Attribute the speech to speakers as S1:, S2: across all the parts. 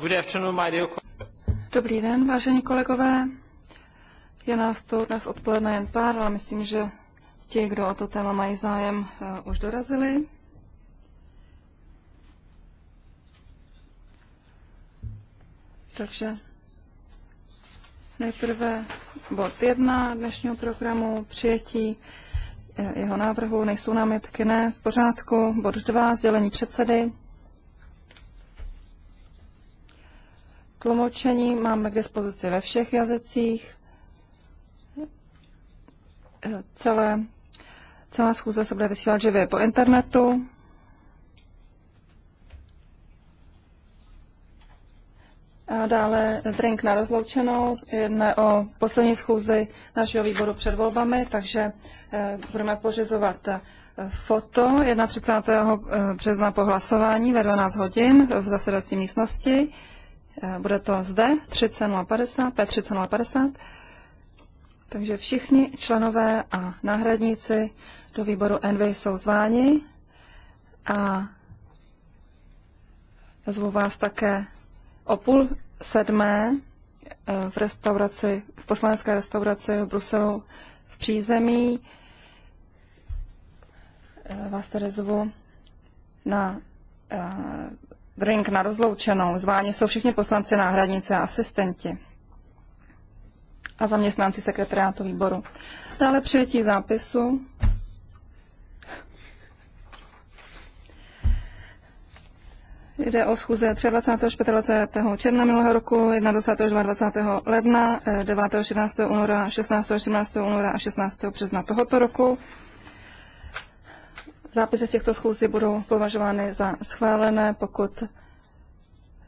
S1: Good afternoon, my dear...
S2: Dobrý den, vážení kolegové. Je nás to dnes odpoledne jen pár, ale myslím, že ti, kdo o to téma mají zájem, eh, už dorazili. Takže nejprve bod jedna dnešního programu přijetí eh, jeho návrhu, nejsou námitky, ne, v pořádku. Bod dva, sdělení předsedy. Tlumočení máme k dispozici ve všech jazycích. Eh, celé, celá schůze se bude vysílat živě po internetu. A dále drink na rozloučenou. Jedne o poslední schůzi našeho výboru před volbami, takže eh, budeme pořizovat eh, foto 31. března po hlasování ve 12 hodin v zasedací místnosti. Eh, bude to zde 30050, 30050 Takže všichni členové a náhradníci do výboru NV jsou zváni a zvu vás také o půl sedmé eh, v restauraci, v poslanecké restauraci v Bruselu v přízemí. Eh, vás tedy zvu na drink na rozloučenou. Zváni jsou všichni poslanci, náhradníci a asistenti a zaměstnanci sekretariátu výboru. Dále přijetí zápisu. Jde o schůze 23. 25. června minulého roku, 21. 22. ledna, 9. Eh, 16. února, 16. 17. února a 16. března tohoto roku. Zápisy z těchto schůzí budou považovány za schválené, pokud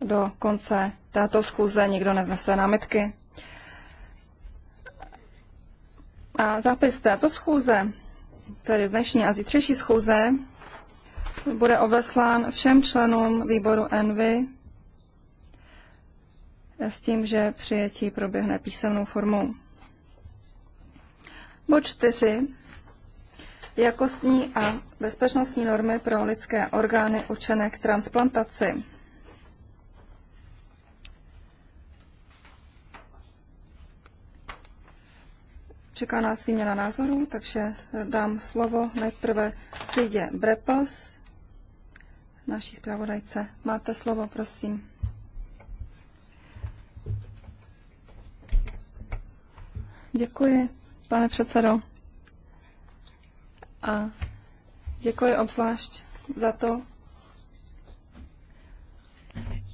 S2: do konce této schůze nikdo neznese námitky. A zápis této schůze, tedy z dnešní a zítřejší schůze, bude obeslán všem členům výboru ENVY s tím, že přijetí proběhne písemnou formou. Bod 4 jakostní a bezpečnostní normy pro lidské orgány určené k transplantaci. Čeká nás výměna názorů, takže dám slovo nejprve Lidě Brepels, naší zpravodajce. Máte slovo, prosím. Děkuji, pane předsedo. A děkuji obzvlášť za to.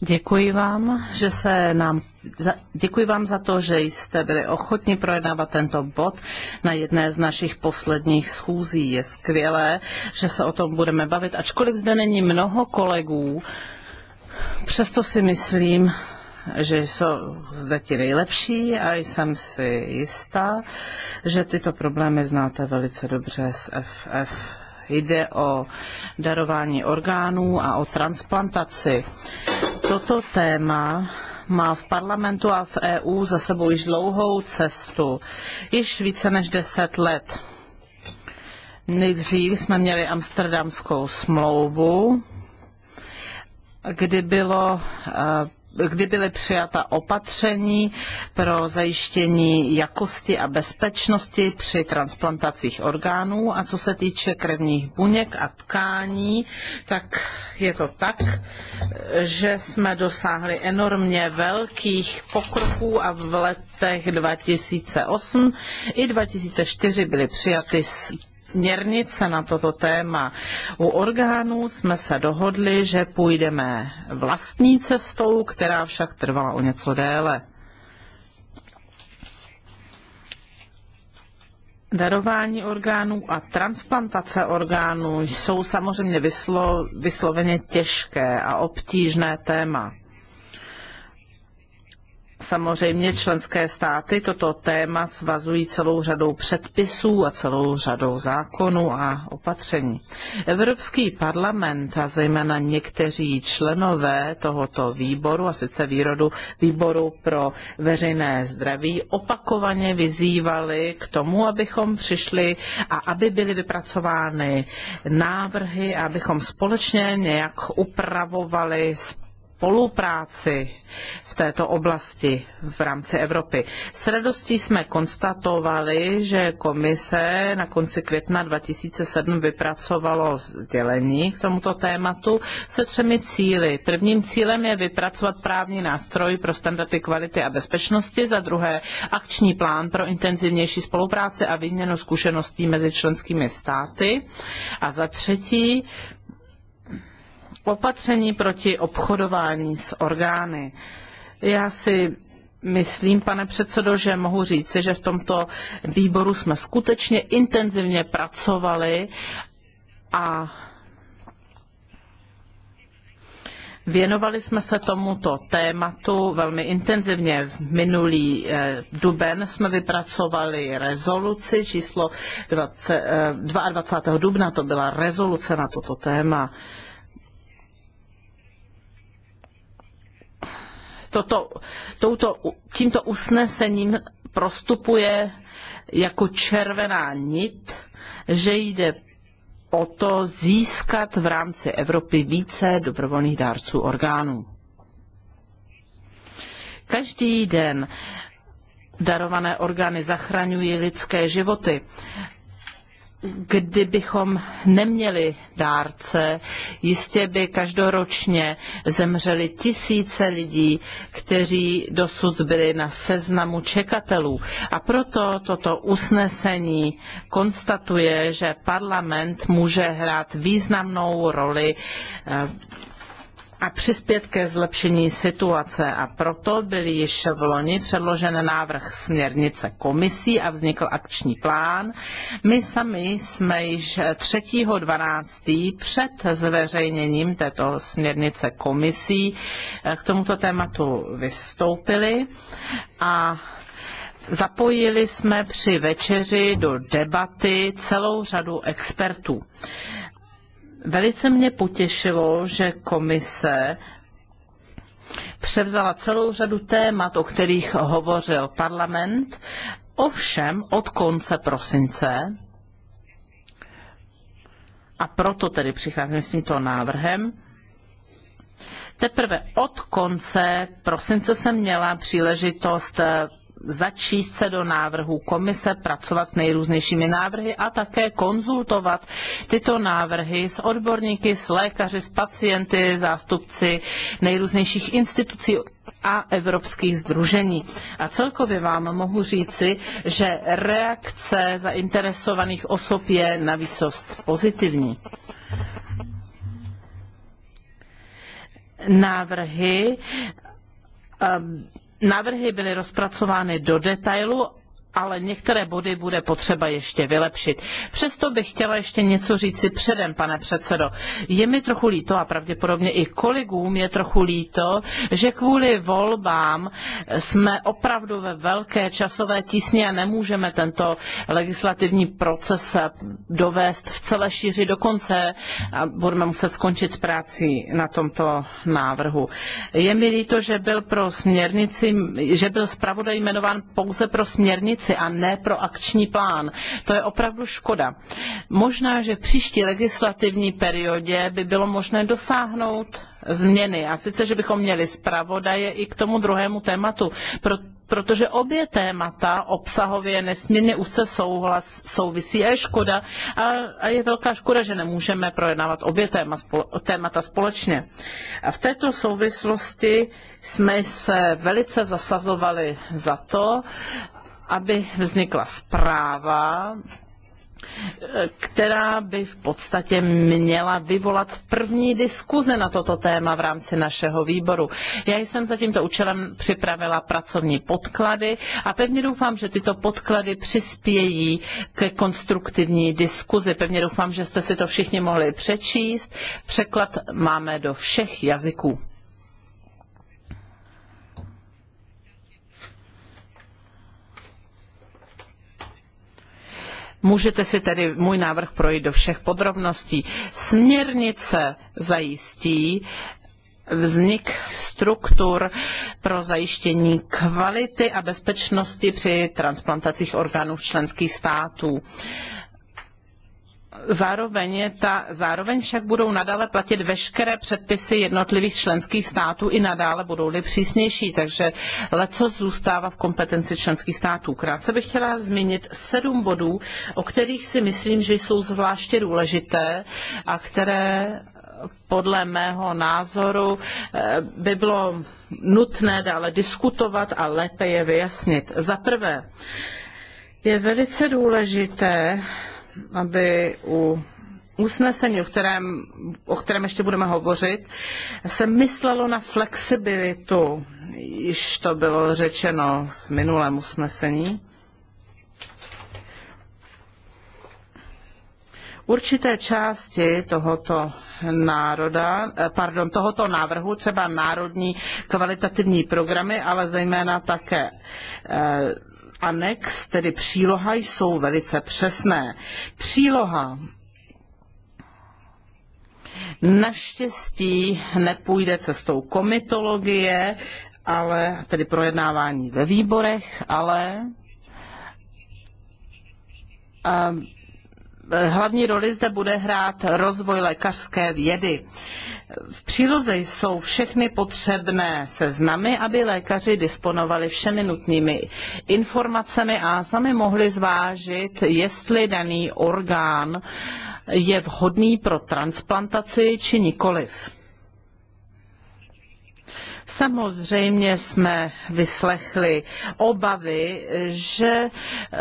S2: Děkuji
S1: vám, že se nám za, děkuji vám za to, že jste byli ochotni projednávat tento bod na jedné z našich posledních schůzí. Je skvělé, že se o tom budeme bavit, ačkoliv zde není mnoho kolegů, přesto si myslím, že jsou zde ti nejlepší a jsem si jistá, že tyto problémy znáte velice dobře z FF jde o darování orgánů a o transplantaci. Toto téma má v parlamentu a v EU za sebou již dlouhou cestu, již více než deset let. Nejdřív jsme měli amsterdamskou smlouvu, kdy bylo eh, kdy byly přijata opatření pro zajištění jakosti a bezpečnosti při transplantacích orgánů. A co se týče krevních buněk a tkání, tak je to tak, že jsme dosáhli enormně velkých pokroků a v letech 2008 i 2004 byly přijaty směrnice na toto téma. U orgánů jsme se dohodli, že půjdeme vlastní cestou, která však trvala o něco déle. Darování orgánů a transplantace orgánů jsou samozřejmě vyslo, vysloveně těžké a obtížné téma. Samozřejmě členské státy toto téma svazují celou řadou předpisů a celou řadou zákonů a opatření. Evropský parlament a zejména někteří členové tohoto výboru, a sice výrodu, výboru pro veřejné zdraví, opakovaně vyzývali k tomu, abychom přišli a aby byly vypracovány návrhy, abychom společně nějak upravovali spolupráci v této oblasti v rámci Evropy. S radostí jsme konstatovali, že komise na konci května 2007 vypracovalo sdělení k tomuto tématu se třemi cíly. Prvním cílem je vypracovat právní nástroj pro standardy kvality a bezpečnosti, za druhé akční plán pro intenzivnější spolupráci a výměnu zkušeností mezi členskými státy a za třetí opatření proti obchodování s orgány. Já si myslím, pane předsedo, že mohu říci, že v tomto výboru jsme skutečně intenzivně pracovali a Věnovali jsme se tomuto tématu velmi intenzivně. V minulý eh, duben jsme vypracovali rezoluci číslo 20, eh, 22. dubna, to byla rezoluce na toto téma. Eh, toto, touto, tímto usnesením prostupuje jako červená nit, že jde o to získat v rámci Evropy více dobrovolných dárců orgánů. Každý den darované orgány zachraňují lidské životy kdybychom neměli dárce, jistě by každoročně zemřeli tisíce lidí, kteří dosud byli na seznamu čekatelů. A proto toto usnesení konstatuje, že parlament může hrát významnou roli eh, a přispět ke zlepšení situace. A proto byl již v loni předložen návrh směrnice komisí a vznikl akční plán. My sami jsme již 3.12. před zveřejněním této směrnice komisí eh, k tomuto tématu vystoupili a Zapojili jsme při večeři do debaty celou řadu expertů. Velice mě potěšilo, že komise převzala celou řadu témat, o kterých hovořil parlament, ovšem od konce prosince, a proto tedy přicházím s tímto návrhem, Teprve od konce prosince jsem měla příležitost začíst se do návrhu komise, pracovat s nejrůznějšími návrhy a také konzultovat tyto návrhy s odborníky, s lékaři, s pacienty, zástupci nejrůznějších institucí a evropských združení. A celkově vám mohu říci, že reakce zainteresovaných osob je na výsost pozitivní návrhy ehm, Návrhy byly rozpracovány do detailu ale některé body bude potřeba ještě vylepšit. Přesto bych chtěla ještě něco říci předem, pane předsedo. Je mi trochu líto a pravděpodobně i kolegům je trochu líto, že kvůli volbám jsme opravdu ve velké časové tísni a nemůžeme tento legislativní proces dovést v celé šíři do konce a budeme muset skončit s prací na tomto návrhu. Je mi líto, že byl pro směrnici, že byl zpravodaj jmenován pouze pro směrnici směrnici a ne pro akční plán. To je opravdu škoda. Možná, že v příští legislativní periodě by bylo možné dosáhnout změny. A sice, že bychom měli zpravodaje i k tomu druhému tématu, protože obě témata obsahově nesmírně úzce souhlas, souvisí a je škoda a, a je velká škoda, že nemůžeme projednávat obě téma, témata společně. A v této souvislosti jsme se velice zasazovali za to, aby vznikla zpráva, která by v podstatě měla vyvolat první diskuze na toto téma v rámci našeho výboru. Já jsem za tímto účelem připravila pracovní podklady a pevně doufám, že tyto podklady přispějí ke konstruktivní diskuzi. Pevně doufám, že jste si to všichni mohli přečíst. Překlad máme do všech jazyků. Můžete si tedy můj návrh projít do všech podrobností. Směrnice zajistí, vznik struktur pro zajištění kvality a bezpečnosti při transplantacích orgánů členských států. Zároveň, ta, zároveň však budou nadále platit veškeré předpisy jednotlivých členských států i nadále budou-li přísnější, takže leco zůstává v kompetenci členských států. Krátce bych chtěla zmínit sedm bodů, o kterých si myslím, že jsou zvláště důležité a které podle mého názoru eh, by bylo nutné dále diskutovat a lépe je vyjasnit. Za prvé, je velice důležité aby u usnesení, o kterém, o kterém ještě budeme hovořit, se myslelo na flexibilitu, již to bylo řečeno v minulém usnesení. Určité části tohoto národa, eh, pardon, tohoto návrhu, třeba národní kvalitativní programy, ale zejména také eh, anex, tedy příloha, jsou velice přesné. Příloha naštěstí nepůjde cestou komitologie, ale tedy projednávání ve výborech, ale a, eh, hlavní roli zde bude hrát rozvoj lékařské vědy. A, v příloze jsou všechny potřebné seznamy, aby lékaři disponovali všemi nutnými informacemi a sami mohli zvážit, jestli daný orgán je vhodný pro transplantaci či nikoliv. Samozřejmě jsme vyslechli obavy, že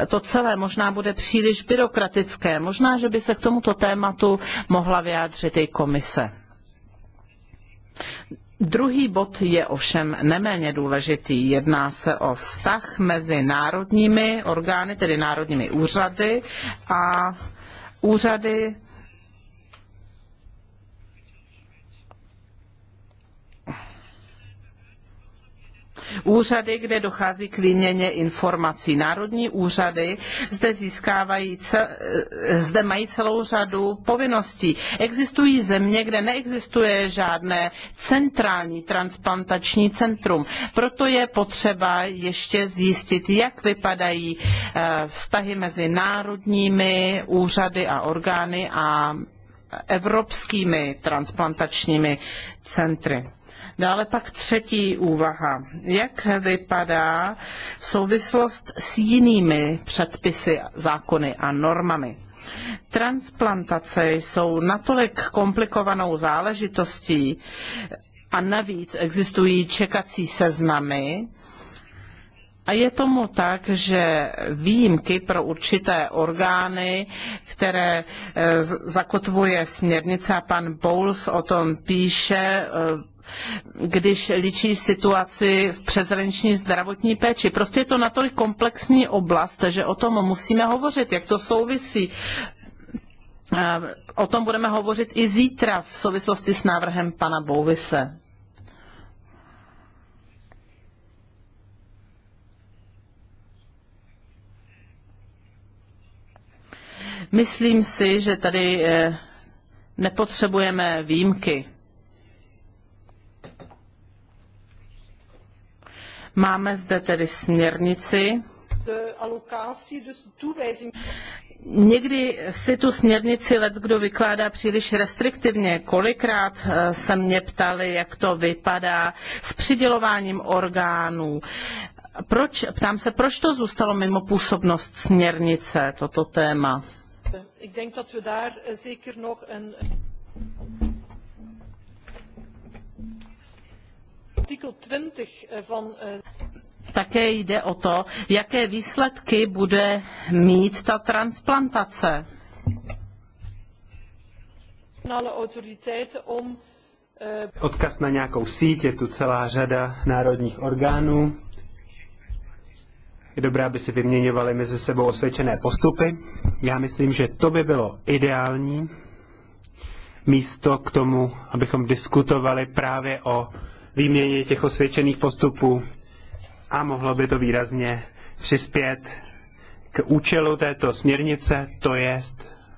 S1: to celé možná bude příliš byrokratické. Možná, že by se k tomuto tématu mohla vyjádřit i komise. Druhý bod je ovšem neméně důležitý. Jedná se o vztah mezi národními orgány, tedy národními úřady a úřady úřady, kde dochází k výměně informací. Národní úřady zde získávají, zde mají celou řadu povinností. Existují země, kde neexistuje žádné centrální transplantační centrum. Proto je potřeba ještě zjistit, jak vypadají eh, vztahy mezi národními úřady a orgány a evropskými transplantačními centry. Dále pak třetí úvaha. Jak vypadá souvislost s jinými předpisy, zákony a normami? Transplantace jsou natolik komplikovanou záležitostí a navíc existují čekací seznamy, a je tomu tak, že výjimky pro určité orgány, které e, zakotvuje směrnice, a pan Bowles o tom píše e, když ličí situaci v přezraniční zdravotní péči. Prostě je to natolik komplexní oblast, že o tom musíme hovořit, jak to souvisí. Eh, o tom budeme hovořit i zítra v souvislosti s návrhem pana Bouvise. Myslím si, že tady eh, nepotřebujeme výjimky. Máme zde tedy směrnici. Někdy si tu směrnici let, kdo vykládá příliš restriktivně. Kolikrát eh, se mě ptali, jak to vypadá s přidělováním orgánů. Proč, ptám se, proč to zůstalo mimo působnost směrnice, toto téma? Eh, Eh, eh, Také jde o to, jaké výsledky bude mít ta transplantace.
S2: Eh,
S3: Odkaz na nějakou síť je tu celá řada národních orgánů. Je dobré, aby si vyměňovali mezi sebou osvědčené postupy. Já myslím, že to by bylo ideální místo k tomu, abychom diskutovali právě o výměně těch osvědčených postupů a mohlo by to výrazně přispět k účelu této směrnice, to je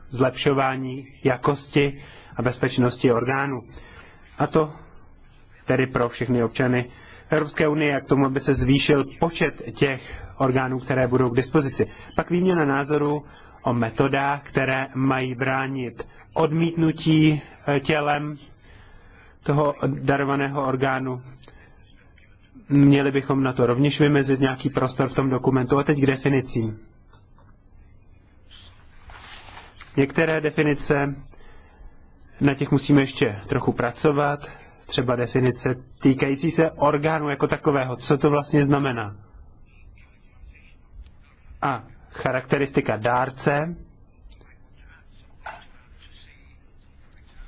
S3: zlepšování jakosti a bezpečnosti orgánů. A to tedy pro všechny občany Evropské unie, k tomu, aby se zvýšil počet těch orgánů, které budou k dispozici. Pak výměna názoru o metodách, které mají bránit odmítnutí eh, tělem toho darovaného orgánu. Měli bychom na to rovněž vymezit nějaký prostor v tom dokumentu. A teď k definicím. Některé definice, na těch musíme ještě trochu pracovat, třeba definice týkající se orgánu jako takového. Co to vlastně znamená? A charakteristika dárce,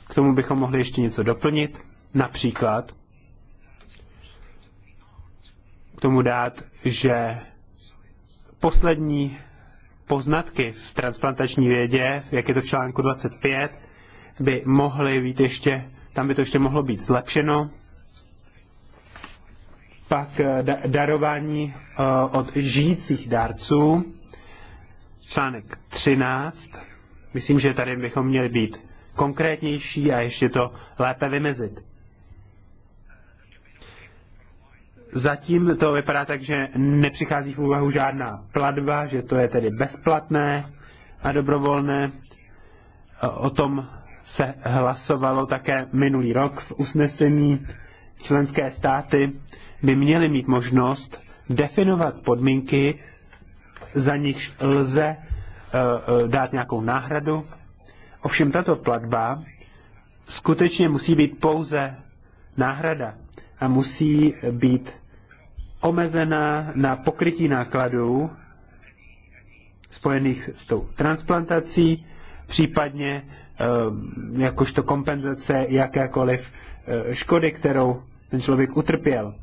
S3: K tomu bychom mohli ještě něco doplnit, například k tomu dát, že poslední poznatky v transplantační vědě, jak je to v článku 25, by mohly být ještě, tam by to ještě mohlo být zlepšeno. Pak eh, darování eh, od žijících dárců, článek 13. Myslím, že tady bychom měli být konkrétnější a ještě to lépe vymezit. Zatím to vypadá tak, že nepřichází v úvahu žádná platba, že to je tedy bezplatné a dobrovolné. O tom se hlasovalo také minulý rok v usnesení. Členské státy by měly mít možnost definovat podmínky, za nichž lze eh, eh, dát nějakou náhradu Ovšem tato platba skutečně musí být pouze náhrada a musí být omezená na pokrytí nákladů spojených s tou transplantací, případně eh, jakožto kompenzace jakékoliv eh, škody, kterou ten člověk utrpěl.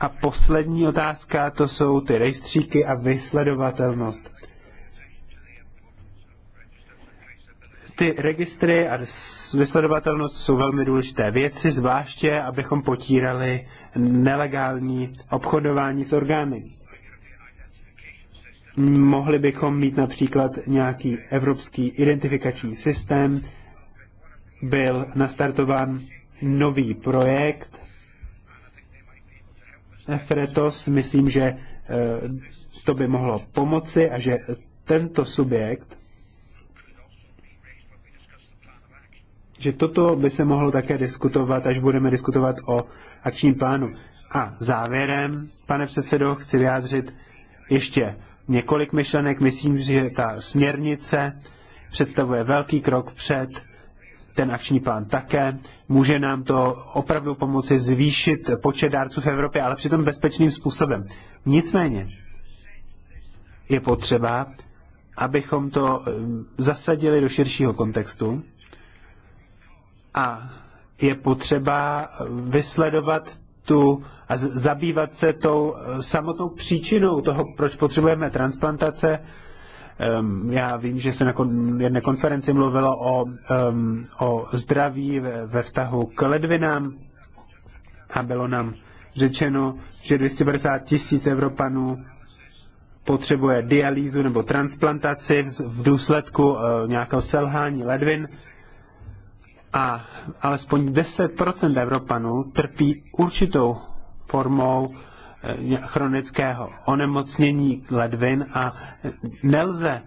S3: A poslední otázka, to jsou ty rejstříky a vysledovatelnost. ty registry a vysledovatelnost jsou velmi důležité věci, zvláště abychom potírali nelegální obchodování s orgány. Mohli bychom mít například nějaký evropský identifikační systém. Byl nastartován nový projekt Efretos. Myslím, že eh, to by mohlo pomoci a že tento subjekt že toto by se mohlo také diskutovat, až budeme diskutovat o akčním plánu. A závěrem, pane předsedo, chci vyjádřit ještě několik myšlenek. Myslím, že ta směrnice představuje velký krok před, ten akční plán také. Může nám to opravdu pomoci zvýšit počet dárců v Evropě, ale přitom bezpečným způsobem. Nicméně je potřeba, abychom to eh, zasadili do širšího kontextu a je potřeba vysledovat tu a zabývat se tou e, samotnou příčinou toho, proč potřebujeme transplantace. Já vím, že se na jedné konferenci mluvilo o, o zdraví ve vztahu k ledvinám a bylo nám řečeno, že 250 tisíc Evropanů potřebuje dialýzu nebo transplantaci v důsledku e, nějakého selhání ledvin a alespoň 10% Evropanů trpí určitou formou eh, chronického onemocnění ledvin a nelze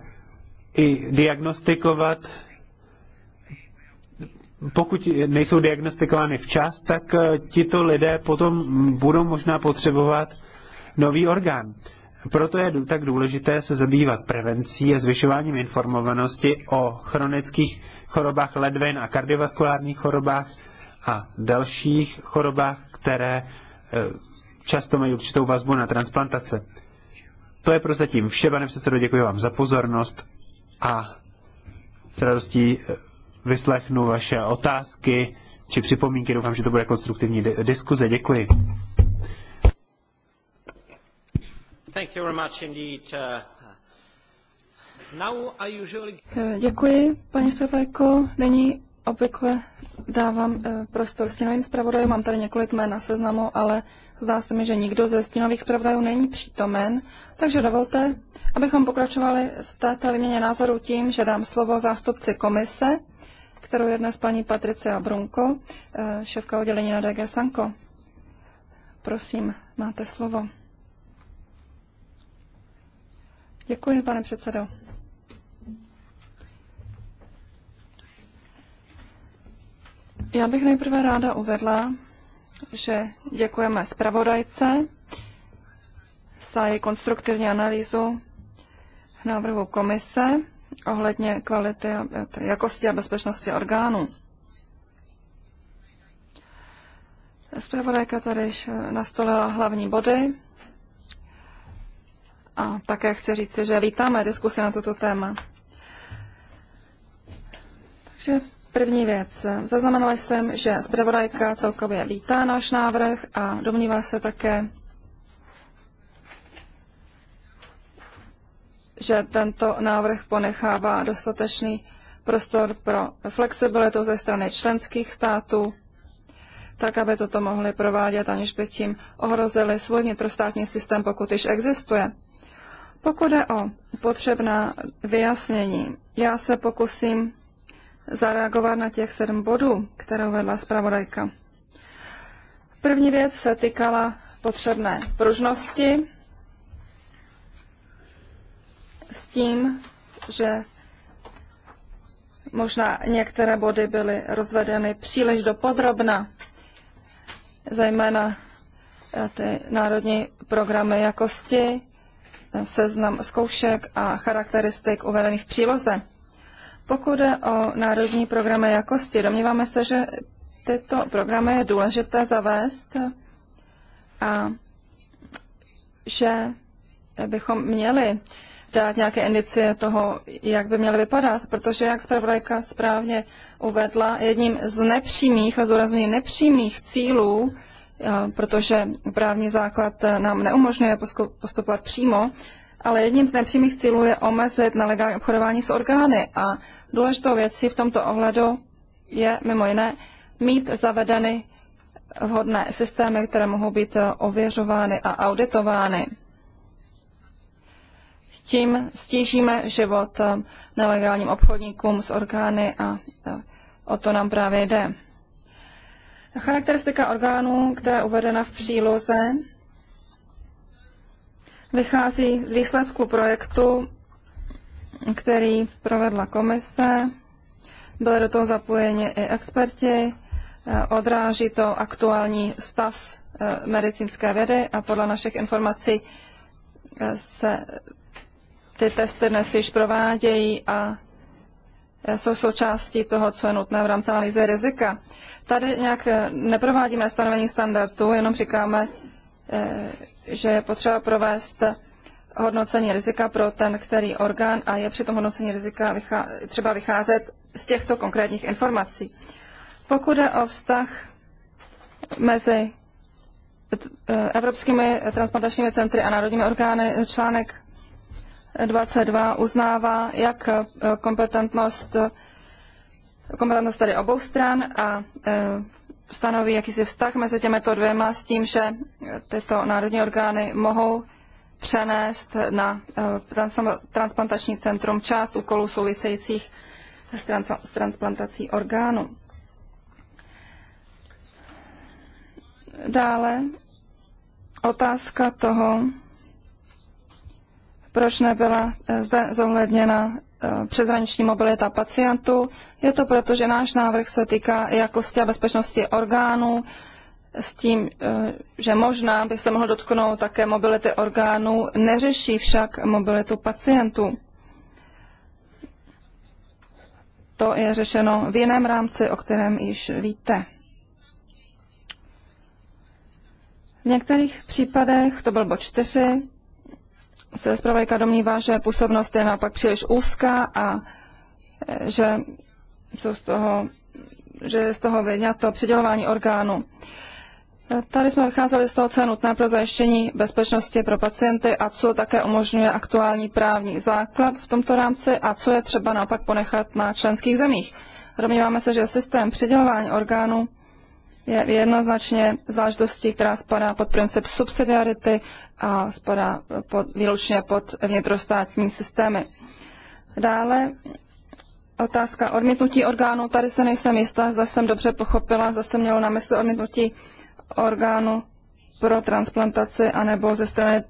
S3: i diagnostikovat pokud nejsou diagnostikovány včas, tak eh, tito lidé potom budou možná potřebovat nový orgán. Proto je tak důležité se zabývat prevencí a zvyšováním informovanosti o chronických chorobách ledvin a kardiovaskulárních chorobách a dalších chorobách, které eh, často mají určitou vazbu na transplantace. To je prozatím vše, pane předsedo, děkuji vám za pozornost a s radostí eh, vyslechnu vaše otázky či připomínky. Doufám, že to bude konstruktivní diskuze. Děkuji.
S1: Uh,
S2: eh, děkuji, paní zpravodajko. Nyní obvykle dávám eh, prostor stínovým zpravodajům. Mám tady několik jmén na seznamu, ale zdá se mi, že nikdo ze stínových zpravodajů není přítomen. Takže dovolte, abychom pokračovali v této výměně názoru tím, že dám slovo zástupci komise, kterou je dnes paní Patricia Brunko, eh, šéfka oddělení na DG Sanko. Prosím, máte slovo. Děkuji, pane předsedo. Já bych nejprve ráda uvedla, že děkujeme zpravodajce za její konstruktivní analýzu návrhu komise ohledně kvality, jakosti a bezpečnosti orgánů. Zpravodajka tady nastolila hlavní body, a také chci říct, že vítáme diskusi na toto téma. Takže první věc. Zaznamenala jsem, že zpravodajka celkově vítá náš návrh a domnívá se také, že tento návrh ponechává dostatečný prostor pro flexibilitu ze strany členských států, tak aby toto mohli provádět, aniž by tím ohrozili svůj vnitrostátní systém, pokud již existuje. Pokud je o potřebná vyjasnění, já se pokusím zareagovat na těch sedm bodů, které vedla zpravodajka. První věc se týkala potřebné pružnosti s tím, že možná některé body byly rozvedeny příliš do podrobna, zejména eh, ty národní programy jakosti, seznam zkoušek a charakteristik uvedených v příloze. Pokud jde o národní programy jakosti, domníváme se, že tyto programy je důležité zavést a že bychom měli dát nějaké indicie toho, jak by měly vypadat, protože, jak zpravodajka správně uvedla, jedním z nepřímých, a zdůrazňuji nepřímých cílů protože právní základ eh, nám neumožňuje postupovat přímo, ale jedním z nepřímých cílů je omezit nelegální obchodování s orgány a důležitou věcí v tomto ohledu je mimo jiné mít zavedeny vhodné systémy, které mohou být eh, ověřovány a auditovány. Tím stížíme život eh, nelegálním obchodníkům s orgány a o to nám právě jde. Charakteristika orgánů, která je uvedena v příloze, vychází z výsledku projektu, který provedla komise. Byly do toho zapojeni i experti. Odráží to aktuální stav eh, medicínské vědy a podle našich informací eh, se ty testy dnes již provádějí a Eh, jsou součástí toho, co je nutné v rámci analýzy rizika. Tady nějak eh, neprovádíme stanovení standardů, jenom říkáme, eh, že je potřeba provést hodnocení rizika pro ten, který orgán a je při tom hodnocení rizika třeba vycházet z těchto konkrétních informací. Pokud je o vztah mezi evropskými transplantačními centry a národními orgány, článek 22 uznává jak eh, kompetentnost, kompetentnost obou stran a eh, stanoví jakýsi vztah mezi těmito dvěma s tím, že eh, tyto národní orgány mohou přenést na transplantační centrum část úkolů souvisejících s transplantací orgánů. Dále otázka toho, proč nebyla eh, zde zohledněna eh, přeshraniční mobilita pacientů. Je to proto, že náš návrh se týká jakosti a bezpečnosti orgánů, s tím, eh, že možná by se mohl dotknout také mobility orgánů, neřeší však mobilitu pacientů. To je řešeno v jiném rámci, o kterém již víte. V některých případech, to byl bod 4, se zpravodajka domnívá, že působnost je naopak příliš úzká a e, že, jsou z toho, že je z toho vyňato přidělování orgánu. E, tady jsme vycházeli z toho, co je nutné pro zajištění bezpečnosti pro pacienty a co také umožňuje aktuální právní základ v tomto rámci a co je třeba naopak ponechat na členských zemích. Domníváme se, že systém přidělování orgánů je jednoznačně záždostí, která spadá pod princip subsidiarity a spadá pod, výlučně pod vnitrostátní systémy. Dále otázka odmítnutí orgánů. Tady se nejsem jistá, zase jsem dobře pochopila, zase mělo na mysli odmítnutí orgánu pro transplantaci anebo ze strany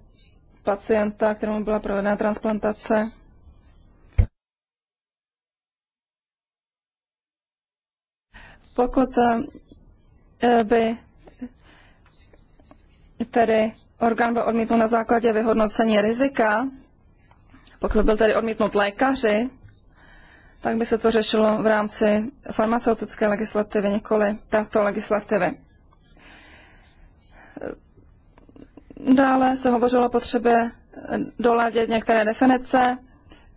S2: pacienta, kterému byla provedena transplantace. Pokud eh, E, by tedy orgán byl odmítnut na základě vyhodnocení rizika, pokud byl tedy odmítnut lékaři, tak by se to řešilo v rámci farmaceutické legislativy, nikoli této legislativy. Dále se hovořilo o potřebě doladit některé definice.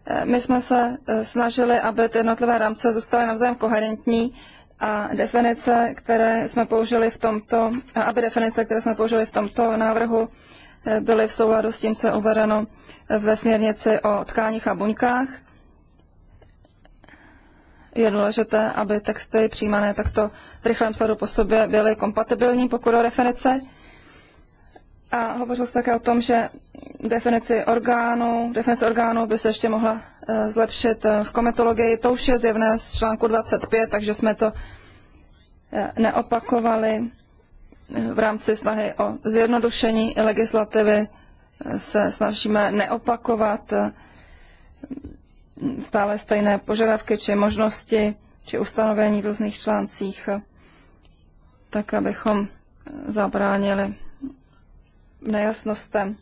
S2: E, my jsme se e, snažili, aby ty jednotlivé rámce zůstaly navzájem koherentní, a definice, které jsme použili v tomto, aby definice, které jsme použili v tomto návrhu, eh, byly v souladu s tím, co je uvedeno ve směrnici o tkáních a buňkách. Je důležité, aby texty přijímané takto v rychlém sledu po sobě byly kompatibilní, pokud o definice. A hovořil jste také o tom, že definici orgánů, definice orgánů by se ještě mohla eh, zlepšit eh, v kometologii. To už je zjevné z článku 25, takže jsme to eh, neopakovali v rámci snahy o zjednodušení legislativy. Se snažíme neopakovat stále stejné požadavky či možnosti či ustanovení v různých článcích, tak abychom zabránili nejasnostem.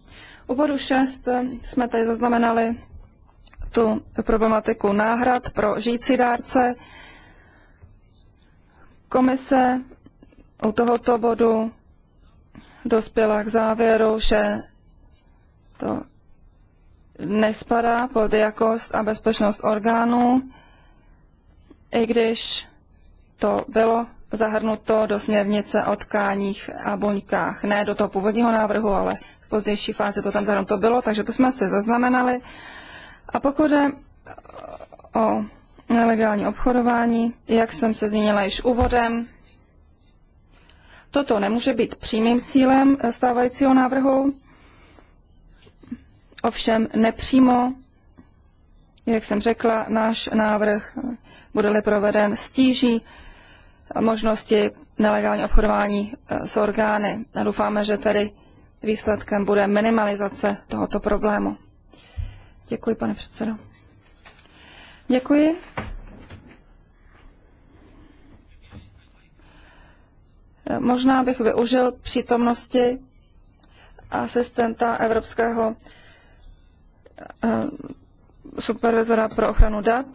S2: U bodu 6 jsme tady zaznamenali tu problematiku náhrad pro žijící dárce. Komise u tohoto bodu dospěla k závěru, že to nespadá pod jakost a bezpečnost orgánů, i když to bylo zahrnuto do směrnice o tkáních a buňkách. Ne do toho původního návrhu, ale v pozdější fázi to tam zahrnuto bylo, takže to jsme se zaznamenali. A pokud je o nelegální obchodování, jak jsem se zmínila již úvodem, toto nemůže být přímým cílem stávajícího návrhu, ovšem nepřímo, jak jsem řekla, náš návrh bude-li proveden, stíží možnosti nelegální obchodování eh, s orgány. A doufáme, že tedy výsledkem bude minimalizace tohoto problému. Děkuji, pane předsedo. Děkuji. Eh, možná bych využil přítomnosti asistenta Evropského eh, supervizora pro ochranu dat,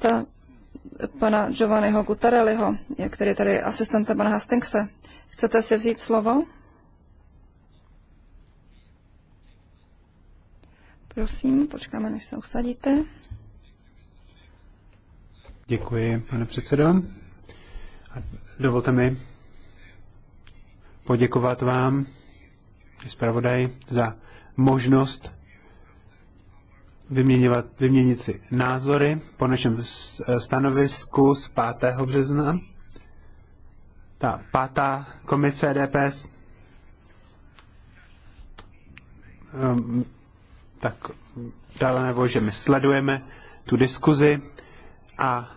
S2: pana Giovanniho Gutarelliho, který je tady asistentem pana Hastingse. Chcete si vzít slovo? Prosím, počkáme, než se usadíte.
S3: Děkuji, pane předsedo. Dovolte mi poděkovat vám, zpravodaj, za možnost vyměňovat, vyměnit si názory po našem eh, stanovisku z 5. března. Ta pátá komise DPS um, ehm, tak dále nebo, že my sledujeme tu diskuzi a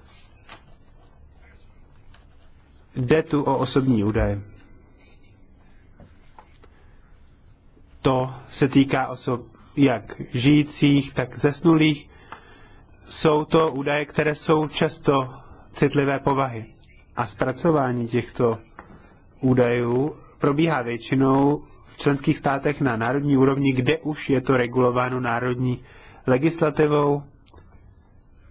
S3: jde tu o osobní údaje. To se týká osob jak žijících, tak zesnulých. Jsou to údaje, které jsou často citlivé povahy. A zpracování těchto údajů probíhá většinou v členských státech na národní úrovni, kde už je to regulováno národní legislativou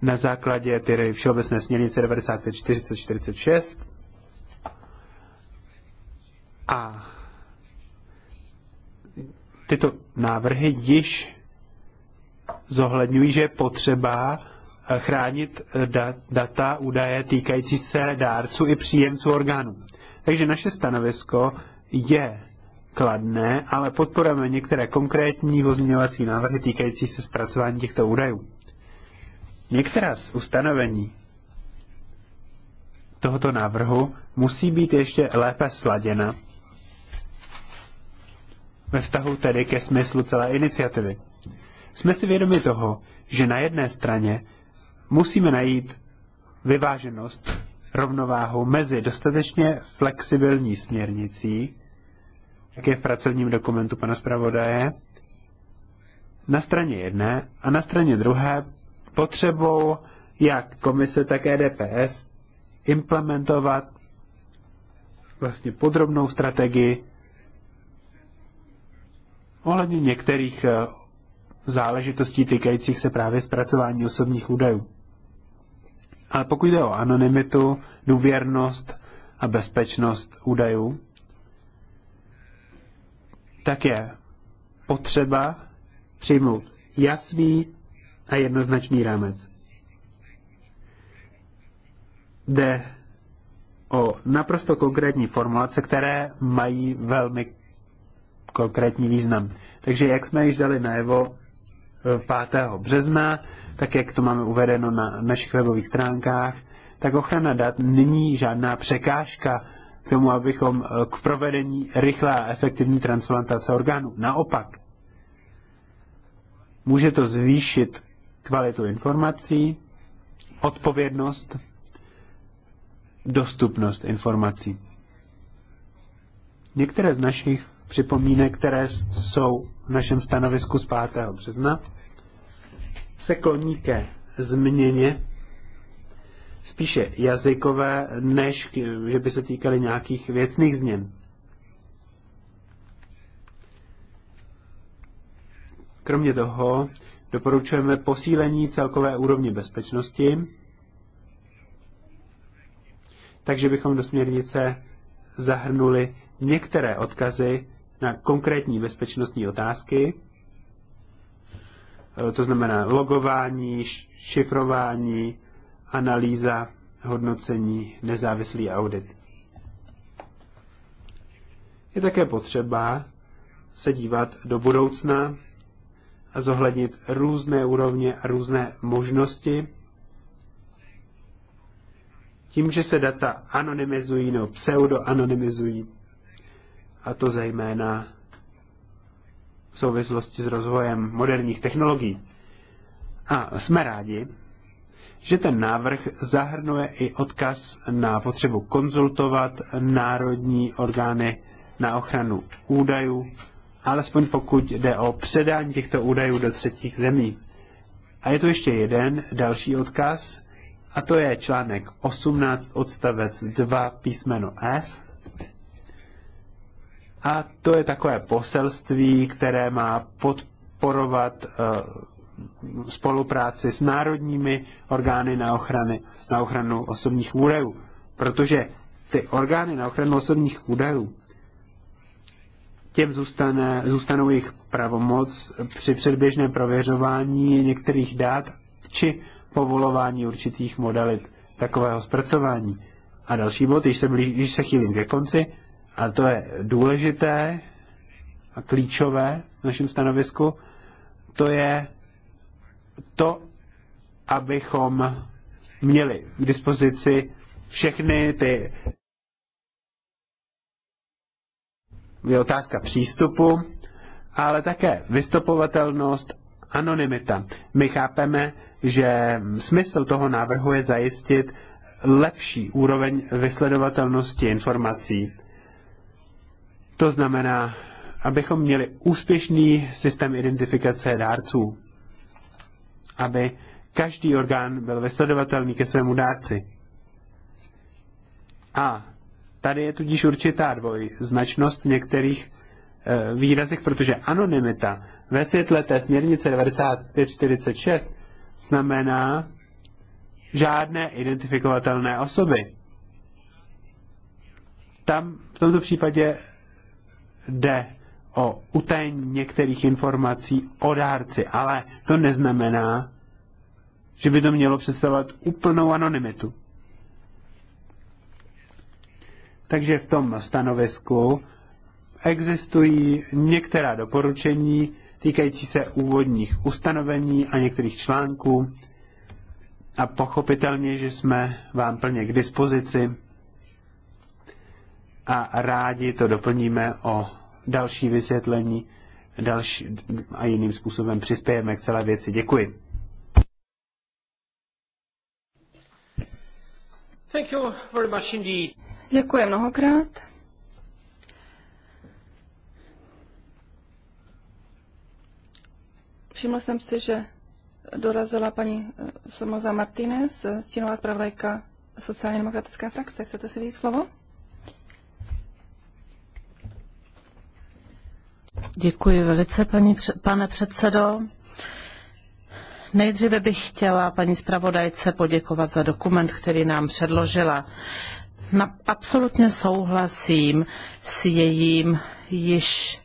S3: na základě tedy Všeobecné směrnice 9546. a tyto návrhy již zohledňují, že je potřeba eh, chránit eh, data, údaje týkající se dárců i příjemců orgánů. Takže naše stanovisko je kladné, ale podporujeme některé konkrétní pozměňovací návrhy týkající se zpracování těchto údajů. Některá z ustanovení tohoto návrhu musí být ještě lépe sladěna ve vztahu tedy ke smyslu celé iniciativy. Jsme si vědomi toho, že na jedné straně musíme najít vyváženost, rovnováhu mezi dostatečně flexibilní směrnicí, jak je v pracovním dokumentu pana zpravodaje, na straně jedné a na straně druhé potřebou jak komise, tak EDPS implementovat vlastně podrobnou strategii ohledně některých eh, záležitostí týkajících se právě zpracování osobních údajů. Ale pokud jde o anonymitu, důvěrnost a bezpečnost údajů, tak je potřeba přijmout jasný a jednoznačný rámec. Jde o naprosto konkrétní formulace, které mají velmi konkrétní význam. Takže jak jsme již dali najevo 5. Eh, března, tak jak to máme uvedeno na našich webových stránkách, tak ochrana dat není žádná překážka k tomu, abychom eh, k provedení rychlé a efektivní transplantace orgánů. Naopak, může to zvýšit kvalitu informací, odpovědnost, dostupnost informací. Některé z našich připomínek, které jsou v našem stanovisku z 5. března, se kloní ke změně spíše jazykové, než že by se týkaly nějakých věcných změn. Kromě toho doporučujeme posílení celkové úrovně bezpečnosti, takže bychom do směrnice zahrnuli některé odkazy na konkrétní bezpečnostní otázky, eh, to znamená logování, šifrování, analýza, hodnocení, nezávislý audit. Je také potřeba se dívat do budoucna a zohlednit různé úrovně a různé možnosti. Tím, že se data anonymizují nebo pseudo-anonymizují, a to zejména v souvislosti s rozvojem moderních technologií. A jsme rádi, že ten návrh zahrnuje i odkaz na potřebu konzultovat národní orgány na ochranu údajů, alespoň pokud jde o předání těchto údajů do třetích zemí. A je tu ještě jeden další odkaz, a to je článek 18 odstavec 2 písmeno F, a to je takové poselství, které má podporovat eh, spolupráci s národními orgány na, ochrany, na ochranu osobních údajů. Protože ty orgány na ochranu osobních údajů, těm zůstane, zůstanou jejich pravomoc při předběžném prověřování některých dát či povolování určitých modalit takového zpracování. A další bod, když se, blíž, když se chýlím ke konci, a to je důležité a klíčové v našem stanovisku, to je to, abychom měli k dispozici všechny ty je otázka přístupu, ale také vystupovatelnost anonymita. My chápeme, že smysl toho návrhu je zajistit lepší úroveň vysledovatelnosti informací to znamená, abychom měli úspěšný systém identifikace dárců, aby každý orgán byl vysledovatelný ke svému dárci. A tady je tudíž určitá dvojznačnost v některých e, výrazech, protože anonymita ve světle té směrnice 9546 znamená žádné identifikovatelné osoby. Tam v tomto případě jde o utajení některých informací o dárci, ale to neznamená, že by to mělo představovat úplnou anonymitu. Takže v tom stanovisku existují některá doporučení týkající se úvodních ustanovení a některých článků a pochopitelně, že jsme vám plně k dispozici a rádi to doplníme o další vysvětlení další, a jiným způsobem přispějeme k celé věci. Děkuji. Thank you very much indeed.
S2: Děkuji mnohokrát. Všiml jsem si, že dorazila paní eh, Somoza Martinez, stínová zpravodajka sociálně demokratické frakce. Chcete si říct slovo?
S1: Děkuji velice, paní, pane předsedo. Nejdříve bych chtěla paní zpravodajce poděkovat za dokument, který nám předložila. Na, absolutně souhlasím s jejím již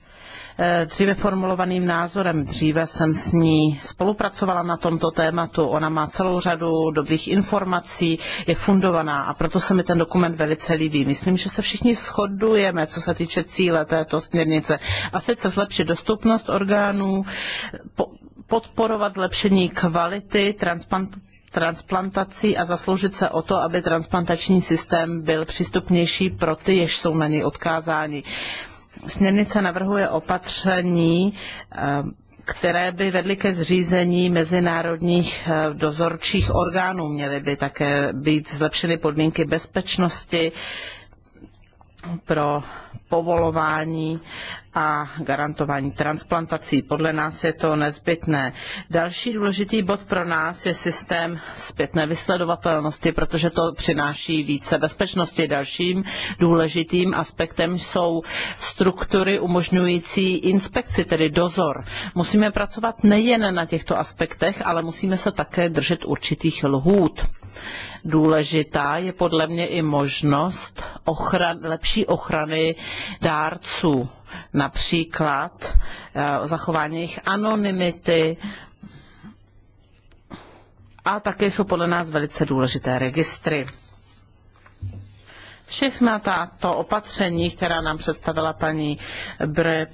S1: Eh, dříve formulovaným názorem. Dříve jsem s ní spolupracovala na tomto tématu. Ona má celou řadu dobrých informací, je fundovaná a proto se mi ten dokument velice líbí. Myslím, že se všichni shodujeme, co se týče cíle této směrnice. A sice zlepšit dostupnost orgánů, podporovat zlepšení kvality, transplant transplantací a zasloužit se o to, aby transplantační systém byl přístupnější pro ty, jež jsou na něj odkázáni. Směrnice navrhuje opatření, eh, které by vedly ke zřízení mezinárodních eh, dozorčích orgánů. Měly by také být zlepšeny podmínky bezpečnosti pro povolování a garantování transplantací. Podle nás je to nezbytné. Další důležitý bod pro nás je systém zpětné vysledovatelnosti, protože to přináší více bezpečnosti. Dalším důležitým aspektem jsou struktury umožňující inspekci, tedy dozor. Musíme pracovat nejen na těchto aspektech, ale musíme se také držet určitých lhůt důležitá je podle mě i možnost ochran, lepší ochrany dárců, například eh, zachování jejich anonymity, a také jsou podle nás velice důležité registry. Všechna tato opatření, která nám představila paní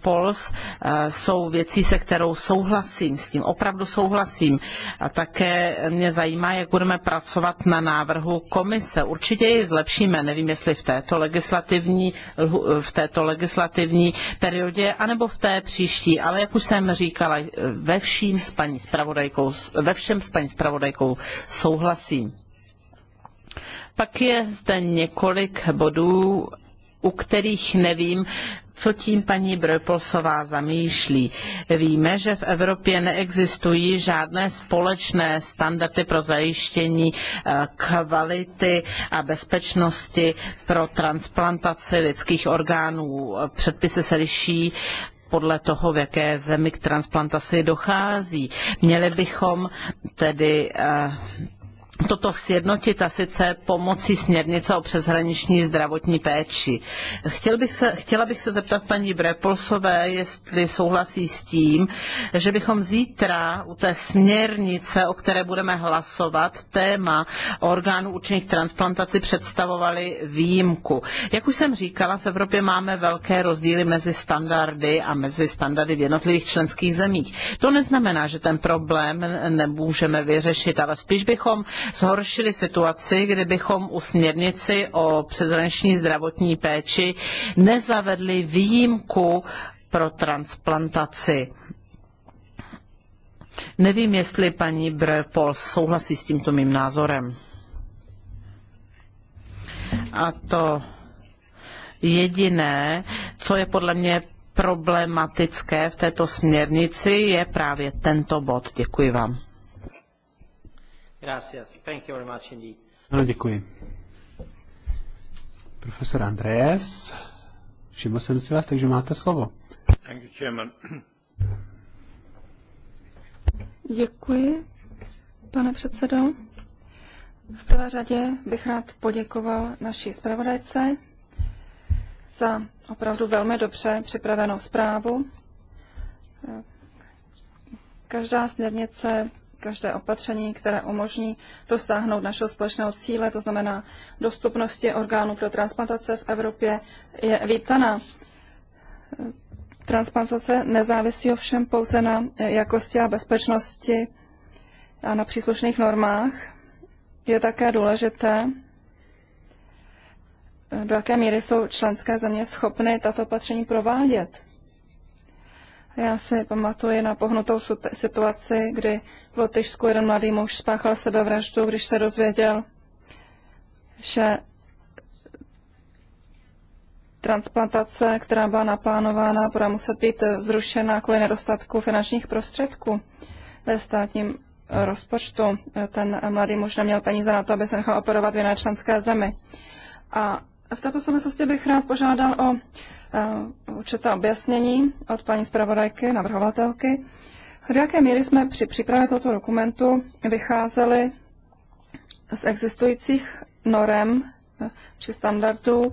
S1: Pols, eh, jsou věcí, se kterou souhlasím, s tím opravdu souhlasím. A také mě zajímá, jak budeme pracovat na návrhu komise. Určitě ji zlepšíme, nevím, jestli v této legislativní, eh, v této legislativní periodě, anebo v té příští, ale jak už jsem říkala, eh, ve vším s paní ve všem s paní spravodajkou souhlasím. Pak je zde několik bodů, u kterých nevím, co tím paní Brojpolsová zamýšlí. Víme, že v Evropě neexistují žádné společné standardy pro zajištění eh, kvality a bezpečnosti pro transplantaci lidských orgánů. Předpisy se liší podle toho, v jaké zemi k transplantaci dochází. Měli bychom tedy eh, toto sjednotit a sice pomocí směrnice o přeshraniční zdravotní péči. Chtěl bych se, chtěla bych se zeptat paní Brepolsové, jestli souhlasí s tím, že bychom zítra u té směrnice, o které budeme hlasovat, téma orgánů účinných transplantací představovali výjimku. Jak už jsem říkala, v Evropě máme velké rozdíly mezi standardy a mezi standardy v jednotlivých členských zemích. To neznamená, že ten problém nemůžeme vyřešit, ale spíš bychom zhoršili situaci, kdybychom u směrnici o přezranční zdravotní péči nezavedli výjimku pro transplantaci. Nevím, jestli paní Brepol souhlasí s tímto mým názorem. A to jediné, co je podle mě problematické v této směrnici, je právě tento bod. Děkuji vám. Gracias. Thank you very much indeed.
S3: No, děkuji. Profesor Andreas, všiml jsem si vás, takže máte slovo. Thank you, Chairman. Děkuji, pane předsedo.
S2: V prvé řadě bych rád poděkoval naší zpravodajce za opravdu velmi dobře připravenou zprávu. Každá směrnice každé opatření, které umožní dosáhnout našeho společného cíle, to znamená dostupnosti orgánů pro transplantace v Evropě, je vítaná. Transplantace nezávisí ovšem pouze na jakosti a bezpečnosti a na příslušných normách. Je také důležité, do jaké míry jsou členské země schopny tato opatření provádět. Já si pamatuji na pohnutou situaci, kdy v Lotyšsku jeden mladý muž spáchal sebevraždu, když se dozvěděl, že transplantace, která byla naplánována, bude muset být zrušena kvůli nedostatku finančních prostředků ve státním rozpočtu. Ten mladý muž neměl peníze na to, aby se nechal operovat v jiné členské zemi. A v této souvislosti bych rád požádal o eh, určité objasnění od paní zpravodajky, navrhovatelky. Do jaké míry jsme při přípravě tohoto dokumentu vycházeli z existujících norem eh, či standardů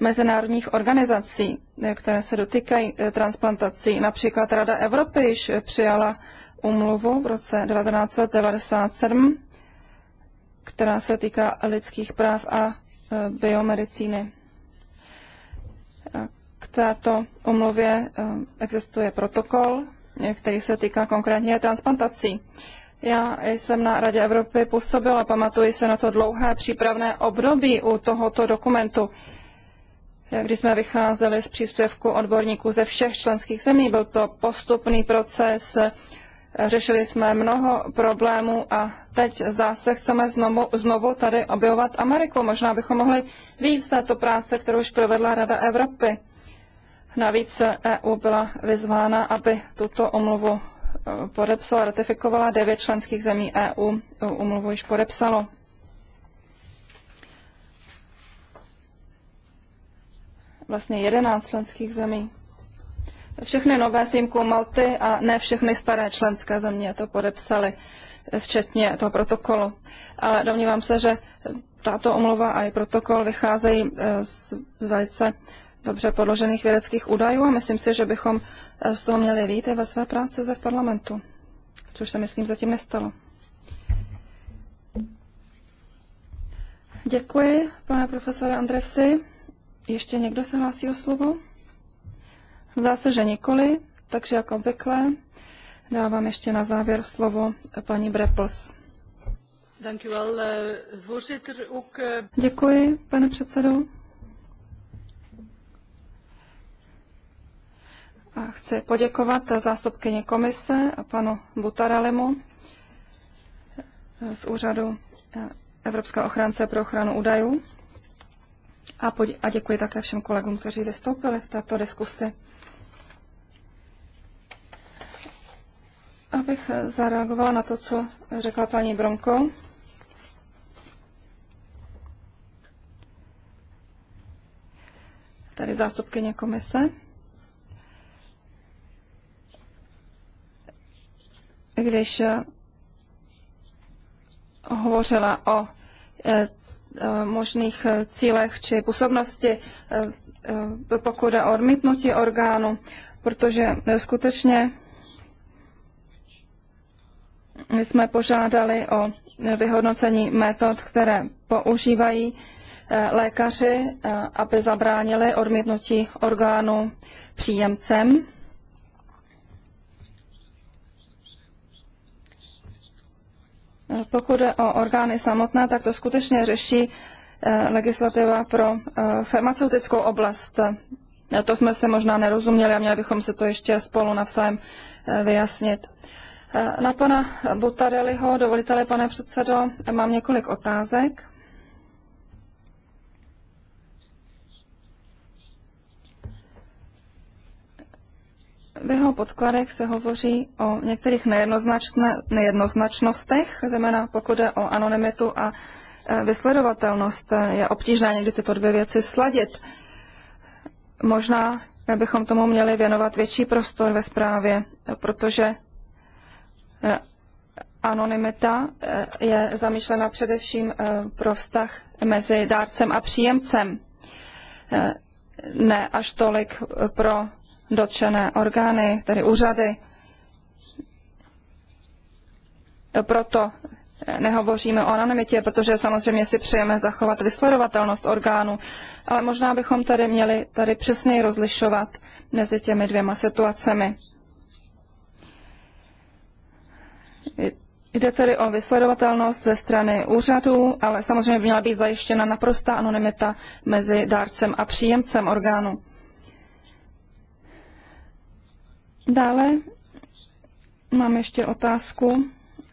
S2: mezinárodních organizací, eh, které se dotýkají transplantací. Například Rada Evropy již přijala umluvu v roce 1997, která se týká lidských práv a biomedicíny. K této omluvě eh, existuje protokol, který se týká konkrétně transplantací. Já jsem na Radě Evropy působila, pamatuji se na to dlouhé přípravné období u tohoto dokumentu, kdy jsme vycházeli z příspěvku odborníků ze všech členských zemí. Byl to postupný proces Řešili jsme mnoho problémů a teď zase chceme znovu, znovu tady objevovat Ameriku. Možná bychom mohli víc této práce, kterou už provedla Rada Evropy. Navíc EU byla vyzvána, aby tuto omluvu e, podepsala, ratifikovala. Devět členských zemí EU umluvu již podepsalo. Vlastně jedenáct členských zemí všechny nové s výjimkou Malty a ne všechny staré členské země to podepsaly, včetně toho protokolu. Ale domnívám se, že tato omluva a i protokol vycházejí eh, z velice dobře podložených vědeckých údajů a myslím si, že bychom eh, z toho měli vít i ve své práci zde v parlamentu, což se myslím zatím nestalo. Děkuji, pane profesore Andrevsi. Ještě někdo se hlásí o slovo? Zdá se, že nikoli, takže jako obvykle dávám ještě na závěr slovo paní Brepls.
S1: Eh, eh,
S2: děkuji, pane předsedu. A chci poděkovat zástupkyni komise a panu Butaralemu z úřadu eh, Evropského ochránce pro ochranu údajů. A, a děkuji také všem kolegům, kteří vystoupili v této diskusi. abych zareagovala na to, co řekla paní Bronko. Tady zástupkyně komise. Když eh, hovořila o eh, eh, možných cílech či působnosti, pokud je o odmítnutí orgánu, protože skutečně my jsme požádali o vyhodnocení metod, které používají eh, lékaři, eh, aby zabránili odmítnutí orgánu příjemcem. Pokud je o orgány samotné, tak to skutečně řeší eh, legislativa pro farmaceutickou oblast. To jsme se možná nerozuměli a měli bychom se to ještě spolu navzájem vyjasnit. Na pana Butareliho, dovolitele pane předsedo, mám několik otázek. V jeho podkladech se hovoří o některých nejednoznačnostech, zejména pokud je o anonymitu a e, vysledovatelnost. Je obtížné někdy tyto dvě věci sladit. Možná bychom tomu měli věnovat větší prostor ve zprávě, protože Eh, anonymita eh, je zamýšlena především eh, pro vztah mezi dárcem a příjemcem, ne až tolik pro dotčené orgány, tedy úřady. Proto nehovoříme o anonymitě, protože samozřejmě si přejeme zachovat vysledovatelnost orgánu, ale možná bychom tady měli tady přesněji rozlišovat mezi těmi dvěma situacemi. Jde tedy o vysledovatelnost ze strany úřadů, ale samozřejmě by měla být zajištěna naprostá anonymita mezi dárcem a příjemcem orgánu. Dále mám ještě otázku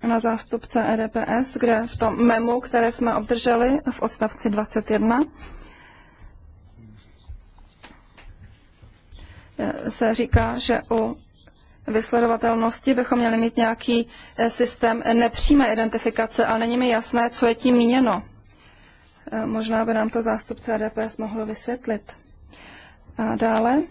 S2: na zástupce EDPS, kde v tom memu, které jsme obdrželi v odstavci 21, se říká, že u vysledovatelnosti bychom měli mít nějaký eh, systém nepřímé identifikace, ale není mi jasné, co je tím míněno. Eh, možná by nám to zástupce ADPS e mohlo vysvětlit. A dále.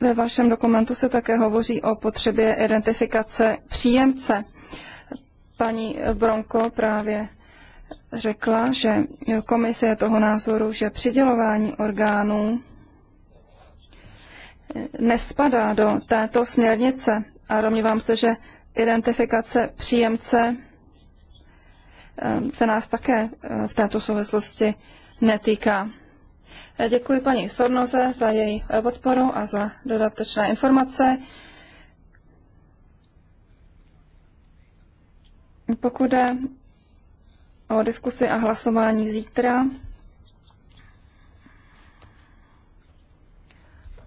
S2: Ve vašem dokumentu se také hovoří o potřebě identifikace příjemce. Paní Bronko právě řekla, že komise je toho názoru, že přidělování orgánů nespadá do této směrnice a domnívám se, že identifikace příjemce eh, se nás také eh, v této souvislosti netýká. Eh, děkuji paní Sornoze za její podporu a za dodatečné informace. Pokud jde o diskusi a hlasování zítra,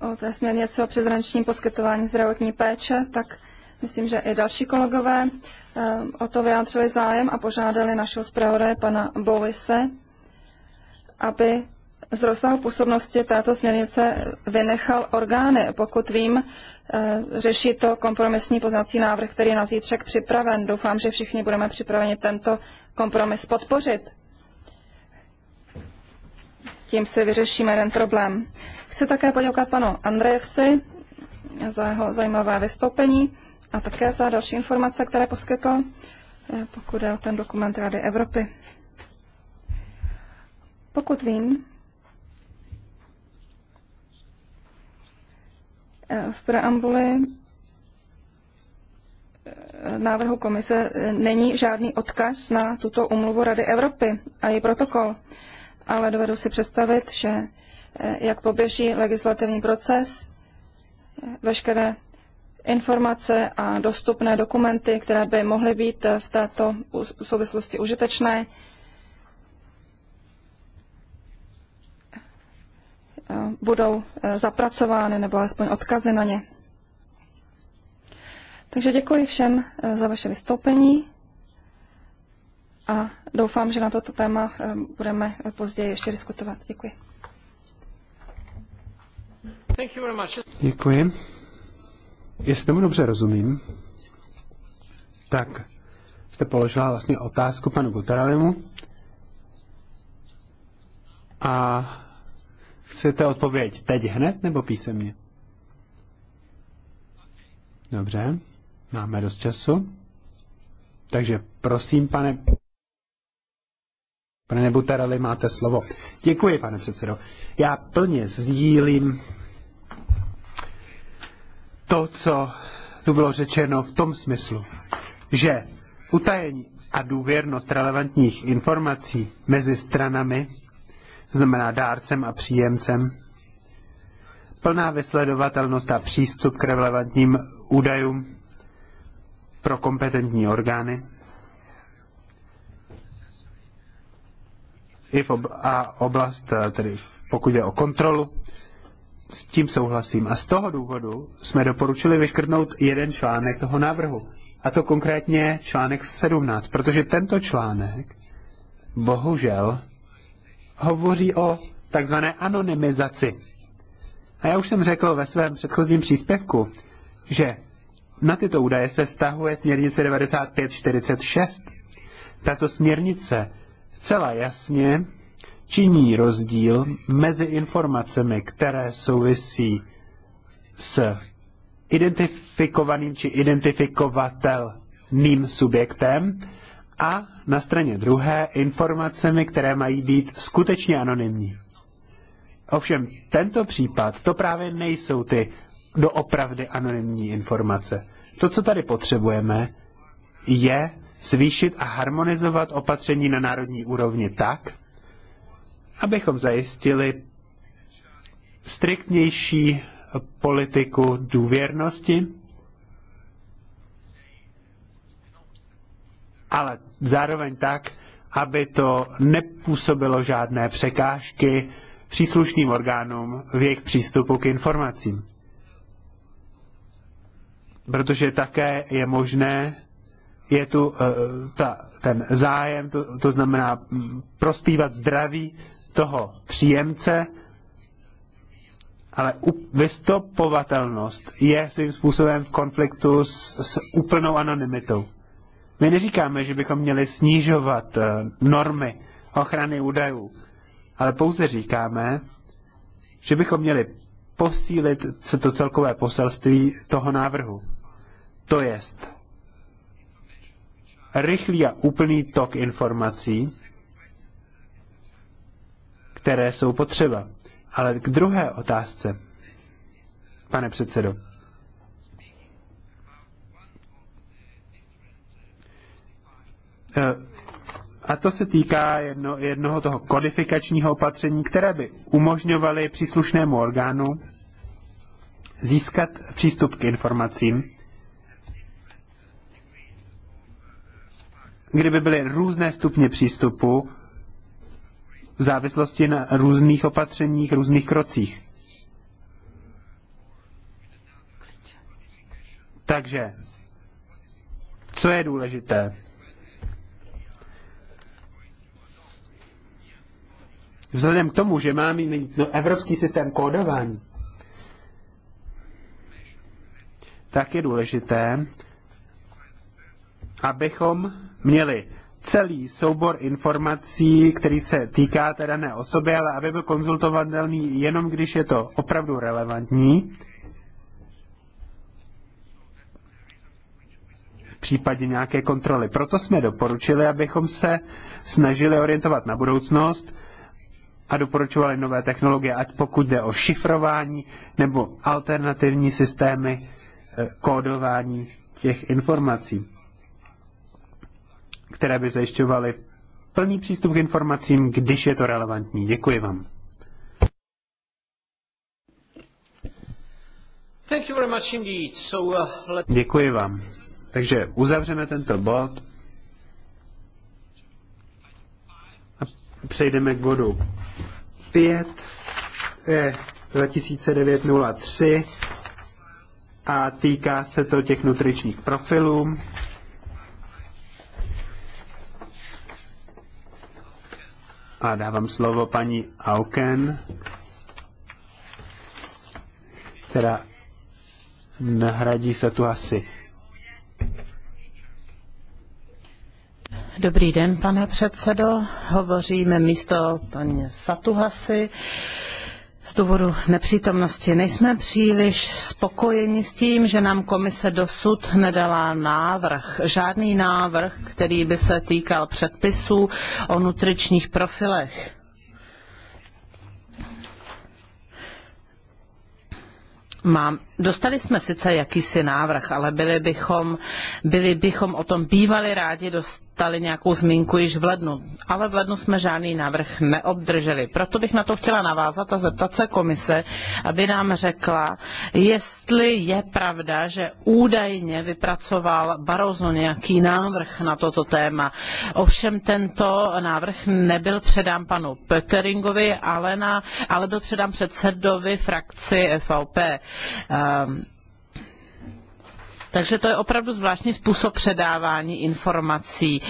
S2: o té směrnici o přezrančním poskytování zdravotní péče, tak myslím, že i další kolegové eh, o to vyjádřili zájem a požádali našeho zpravodaje pana Bovise, aby z rozsahu působnosti této směrnice vynechal orgány. Pokud vím, eh, řeší to kompromisní poznací návrh, který je na zítřek připraven. Doufám, že všichni budeme připraveni tento kompromis podpořit. Tím se vyřešíme jeden problém. Chci také poděkovat panu Andrejevsi za jeho zajímavé vystoupení a také za další informace, které poskytl, eh, pokud je o ten dokument Rady Evropy. Pokud vím, eh, v preambuli eh, návrhu komise není žádný odkaz na tuto umluvu Rady Evropy a její protokol, ale dovedu si představit, že Eh, jak poběží legislativní proces, eh, veškeré informace a dostupné dokumenty, které by mohly být eh, v této souvislosti užitečné. budou zapracovány nebo alespoň odkazy na ně. Takže děkuji všem za vaše vystoupení a doufám, že na toto téma budeme později ještě diskutovat. Děkuji.
S3: Děkuji. Jestli tomu dobře rozumím, tak jste položila vlastně otázku panu Guteralimu a chcete odpověď teď hned nebo písemně? Dobře, máme dost času. Takže prosím, pane... Pane Nebutarali, máte slovo. Děkuji, pane předsedo. Já plně sdílím to, co tu bylo řečeno v tom smyslu, že utajení a důvěrnost relevantních informací mezi stranami, znamená dárcem a příjemcem, plná vysledovatelnost a přístup k relevantním údajům pro kompetentní orgány i v ob- a oblast, tedy pokud je o kontrolu, s tím souhlasím. A z toho důvodu jsme doporučili vyškrtnout jeden článek toho návrhu. A to konkrétně článek 17, protože tento článek bohužel hovoří o takzvané anonymizaci. A já už jsem řekl ve svém předchozím příspěvku, že na tyto údaje se vztahuje směrnice 9546. Tato směrnice zcela jasně činí rozdíl mezi informacemi, které souvisí s identifikovaným či identifikovatelným subjektem a na straně druhé informacemi, které mají být skutečně anonymní. Ovšem, tento případ, to právě nejsou ty doopravdy anonymní informace. To, co tady potřebujeme, je zvýšit a harmonizovat opatření na národní úrovni tak, abychom zajistili striktnější politiku důvěrnosti, ale zároveň tak, aby to nepůsobilo žádné překážky příslušným orgánům v jejich přístupu k informacím. Protože také je možné, je tu uh, ta, ten zájem, to, to znamená mm, prospívat zdraví toho příjemce, ale vystopovatelnost je svým způsobem v konfliktu s, s úplnou anonymitou. My neříkáme, že bychom měli snižovat eh, normy ochrany údajů, ale pouze říkáme, že bychom měli posílit se to celkové poselství toho návrhu. To jest rychlý a úplný tok informací, které jsou potřeba. Ale k druhé otázce, pane předsedo. Eh, a to se týká jedno, jednoho toho kodifikačního opatření, které by umožňovaly příslušnému orgánu získat přístup k informacím, kdyby byly různé stupně přístupu závislosti na různých opatřeních, různých krocích. Takže, co je důležité? Vzhledem k tomu, že máme no, evropský systém kódování, tak je důležité, abychom měli celý soubor informací, který se týká té dané osoby, ale aby byl konzultovatelný jenom, když je to opravdu relevantní. V případě nějaké kontroly. Proto jsme doporučili, abychom se snažili orientovat na budoucnost a doporučovali nové technologie, ať pokud jde o šifrování nebo alternativní systémy eh, kódování těch informací které by zajišťovaly plný přístup k informacím, když je to relevantní. Děkuji vám. Uh, Děkuji vám. Takže uzavřeme tento bod a přejdeme k bodu 5 je 2009.03 a týká se to těch nutričních profilů. a dávám slovo paní Auken, která nahradí se tu asi.
S1: Dobrý den, pane předsedo. Hovoříme místo paní Satuhasy z důvodu nepřítomnosti. Nejsme příliš spokojeni s tím, že nám komise dosud nedala návrh. Žádný návrh, který by se týkal předpisů o nutričních profilech. Mám. Dostali jsme sice jakýsi návrh, ale byli bychom, byli bychom o tom bývali rádi dost, dostali nějakou zmínku již v lednu, ale v lednu jsme žádný návrh neobdrželi. Proto bych na to chtěla navázat a zeptat se komise, aby nám řekla, jestli je pravda, že údajně vypracoval Barozo nějaký návrh na toto téma. Ovšem tento návrh nebyl předán panu Peteringovi, ale, na, ale byl předán předsedovi frakci FVP. Um, ehm, takže to je opravdu zvláštní způsob předávání informací.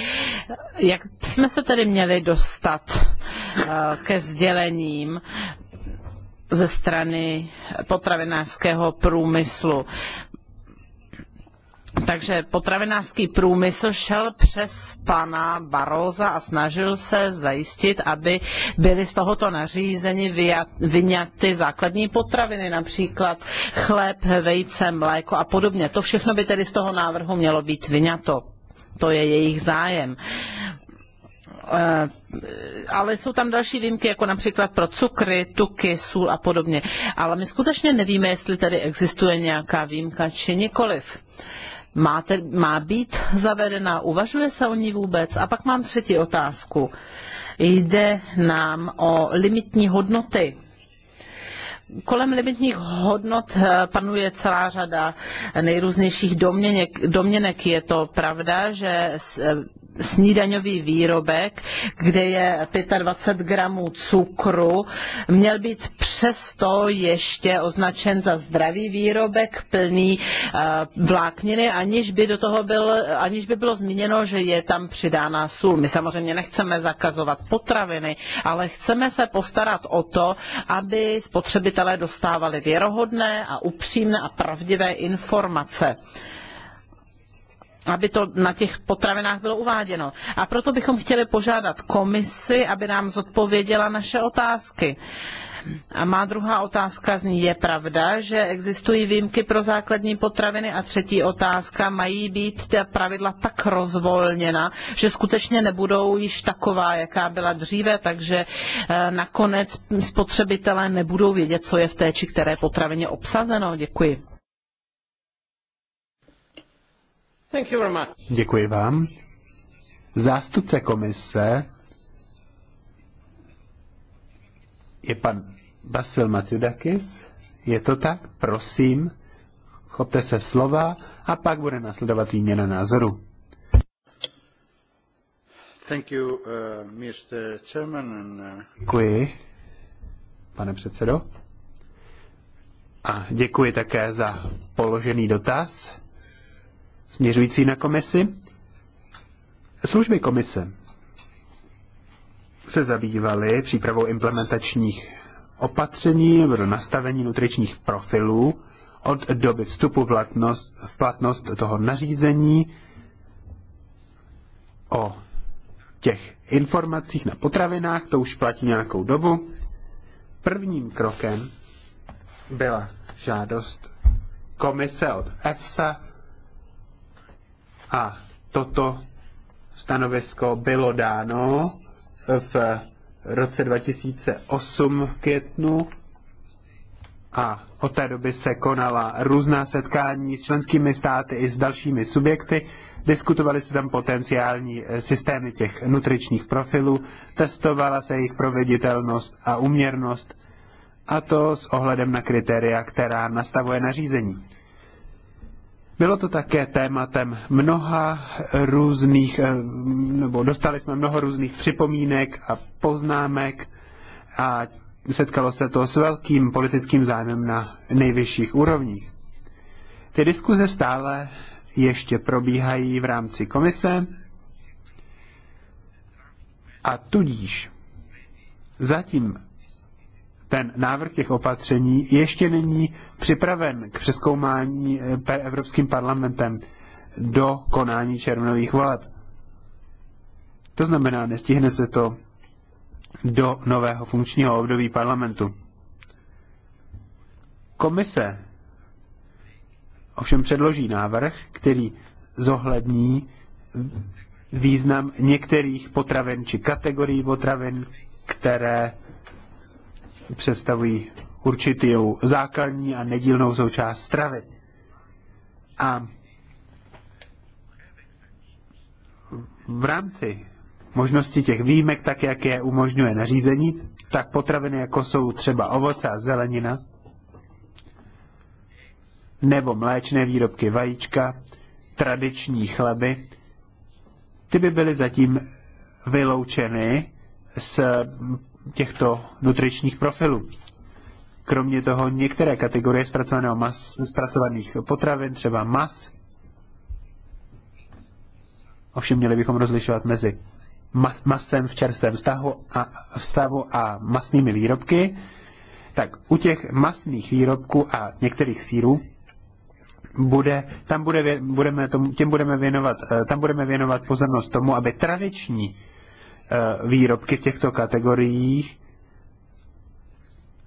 S1: Jak jsme se tedy měli dostat eh, ke sdělením ze strany potravinářského průmyslu. Takže potravinářský průmysl šel přes pana Baroza a snažil se zajistit, aby byly z tohoto nařízení vyňaty základní potraviny, například chléb, vejce, mléko a podobně. To všechno by tedy z toho návrhu mělo být vyňato. To je jejich zájem eh, ale jsou tam další výjimky, jako například pro cukry, tuky, sůl a podobně. Ale my skutečně nevíme, jestli tady existuje nějaká výjimka či nikoliv má, te, má být zavedena, uvažuje se o ní vůbec? A pak mám třetí otázku. Jde nám o limitní hodnoty kolem limitních hodnot eh, panuje celá řada nejrůznějších domněnek. domněnek. Je to pravda, že eh, snídaňový výrobek, kde je 25 gramů cukru, měl být přesto ještě označen za zdravý výrobek plný eh, vlákniny, aniž by do toho byl, aniž by bylo zmíněno, že je tam přidána sůl. My samozřejmě nechceme zakazovat potraviny, ale chceme se postarat o to, aby spotřebitelé dostávali věrohodné a upřímné a pravdivé informace aby to na těch potravinách bylo uváděno. A proto bychom chtěli požádat komisi, aby nám zodpověděla naše otázky. A má druhá otázka zní, je pravda, že existují výjimky pro základní potraviny? A třetí otázka, mají být ta pravidla tak rozvolněna, že skutečně nebudou již taková, jaká byla dříve, takže eh, nakonec spotřebitelé nebudou vědět, co je v té či které potravině obsazeno? Děkuji.
S3: Děkuji vám. Zástupce komise je pan Basil Matudakis. Je to tak? Prosím, chopte se slova a pak bude nasledovat výměna názoru. Thank you, uh, Mr. Chairman. And, uh... Děkuji, pane předsedo. A děkuji také za položený dotaz směřující na komisi. Služby komise se zabývaly přípravou implementačních opatření pro nastavení nutričních profilů od doby vstupu v, platnost, v platnost toho nařízení o těch informacích na potravinách, to už platí nějakou dobu. Prvním krokem byla žádost komise od EFSA a toto stanovisko bylo dáno v roce 2008 v květnu a od té doby se konala různá setkání s členskými státy i s dalšími subjekty. Diskutovaly se tam potenciální eh, systémy těch nutričních profilů, testovala se jejich proveditelnost a uměrnost, a to s ohledem na kritéria, která nastavuje nařízení. Bylo to také tématem mnoha různých, eh, nebo dostali jsme mnoho různých připomínek a poznámek a setkalo se to s velkým politickým zájmem na nejvyšších úrovních. Ty diskuze stále ještě probíhají v rámci komise a tudíž zatím ten návrh těch opatření ještě není připraven k přeskoumání eh, Evropským parlamentem do konání červnových voleb. To znamená, nestihne se to do nového funkčního období parlamentu. Komise ovšem předloží návrh, který zohlední význam některých potravin či kategorií potravin, které představují určitou základní a nedílnou součást stravy. A v rámci možnosti těch výjimek, tak jak je umožňuje nařízení, tak potraviny, jako jsou třeba ovoce a zelenina, nebo mléčné výrobky vajíčka, tradiční chleby, ty by byly zatím vyloučeny z těchto nutričních profilů. Kromě toho některé kategorie zpracovaného mas, zpracovaných potravin, třeba mas, ovšem měli bychom rozlišovat mezi mas, masem v čerstvém vztahu a, vztahu a masnými výrobky, tak u těch masných výrobků a některých sírů bude, tam bude, budeme tomu, těm budeme věnovat, eh, tam budeme věnovat pozornost tomu, aby tradiční Eh, výrobky v těchto kategoriích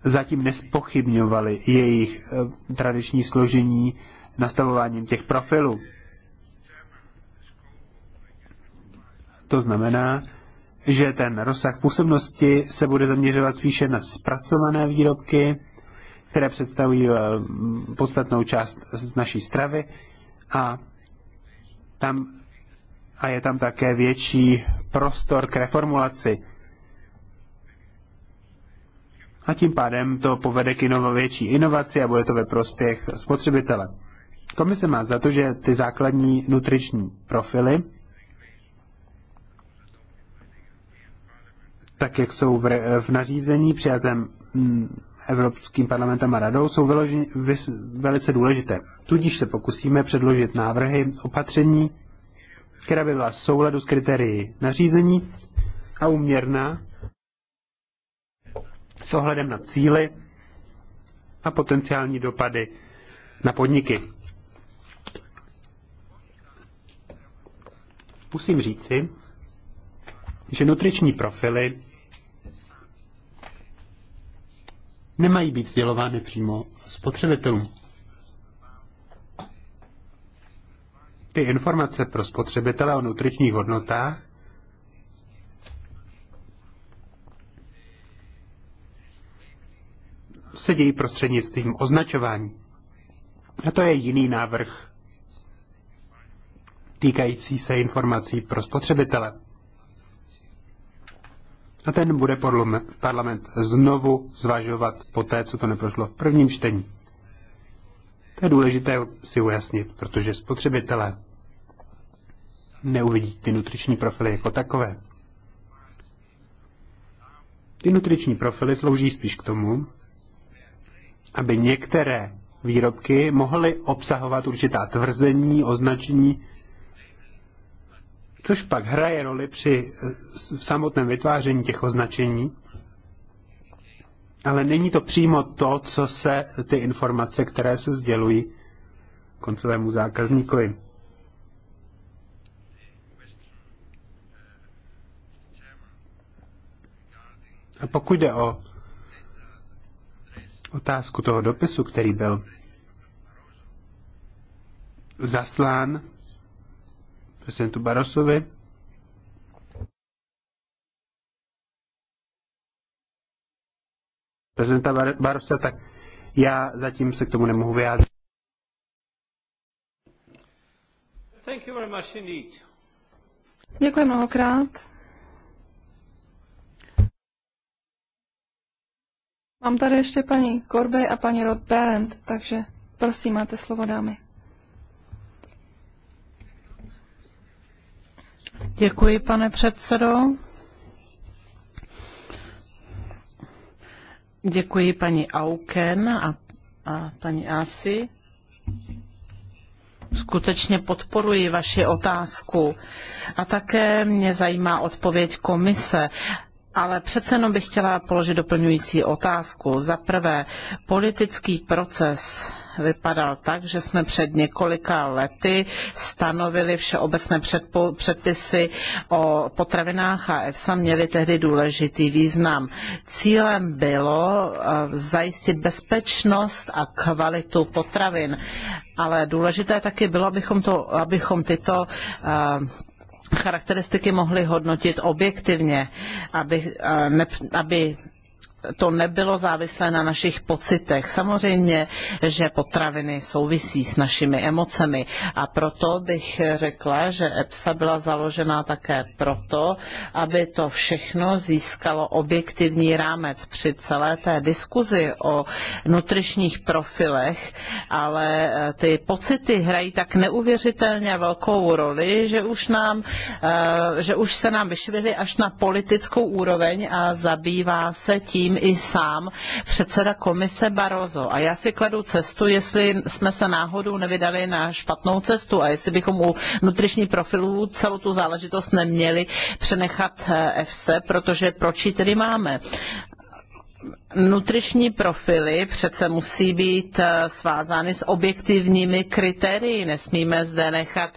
S3: zatím nespochybňovaly jejich eh, tradiční složení nastavováním těch profilů. To znamená, že ten rozsah působnosti se bude zaměřovat spíše na zpracované výrobky, které představují eh, podstatnou část z naší stravy a tam a je tam také větší prostor k reformulaci. A tím pádem to povede k inovo větší inovaci a bude to ve prospěch spotřebitele. Komise má za to, že ty základní nutriční profily, tak jak jsou v, v nařízení přijatém hm, Evropským parlamentem a radou, jsou vyloži, vys, velice důležité. Tudíž se pokusíme předložit návrhy opatření, která by byla souladu s kritérií nařízení a uměrná s ohledem na cíly a potenciální dopady na podniky. Musím říci, že nutriční profily nemají být sdělovány přímo spotřebitelům. ty informace pro spotřebitele o nutričních hodnotách se dějí prostřednictvím označování. A to je jiný návrh týkající se informací pro spotřebitele. A ten bude parlament znovu zvažovat po té, co to neprošlo v prvním čtení je důležité si ujasnit, protože spotřebitelé neuvidí ty nutriční profily jako takové. Ty nutriční profily slouží spíš k tomu, aby některé výrobky mohly obsahovat určitá tvrzení, označení, což pak hraje roli při eh, samotném vytváření těch označení ale není to přímo to, co se ty informace, které se sdělují koncovému zákazníkovi. A pokud jde o otázku toho dopisu, který byl zaslán prezidentu Barosovi, prezidenta Bar- Barosa, tak já zatím se k tomu nemohu vyjádřit.
S1: Thank you very much indeed.
S2: Děkuji mnohokrát. Mám tady ještě paní Korbej a paní Rod Berend, takže prosím, máte slovo dámy.
S1: Děkuji, pane předsedo. Děkuji paní Auken a, a paní Asi. Skutečně podporuji vaši otázku a také mě zajímá odpověď komise. Ale přece jenom bych chtěla položit doplňující otázku. Za prvé, politický proces vypadal tak, že jsme před několika lety stanovili všeobecné předpisy o potravinách a EFSA měly tehdy důležitý význam. Cílem bylo eh, zajistit bezpečnost a kvalitu potravin, ale důležité taky bylo, abychom, to, abychom tyto eh, charakteristiky mohli hodnotit objektivně, aby, eh, aby to nebylo závislé na našich pocitech. Samozřejmě, že potraviny souvisí s našimi emocemi a proto bych řekla, že EPSA byla založena také proto, aby to všechno získalo objektivní rámec při celé té diskuzi o nutričních profilech, ale eh, ty pocity hrají tak neuvěřitelně velkou roli, že už, nám, eh, že už se nám vyšvihly až na politickou úroveň a zabývá se tím, tím i sám předseda komise Barroso. A já si kladu cestu, jestli jsme se náhodou nevydali na špatnou cestu a jestli bychom u nutriční profilů celou tu záležitost neměli přenechat EFSE, eh, protože proč ji tedy máme? nutriční profily přece musí být eh, svázány s objektivními kritérii. Nesmíme zde nechat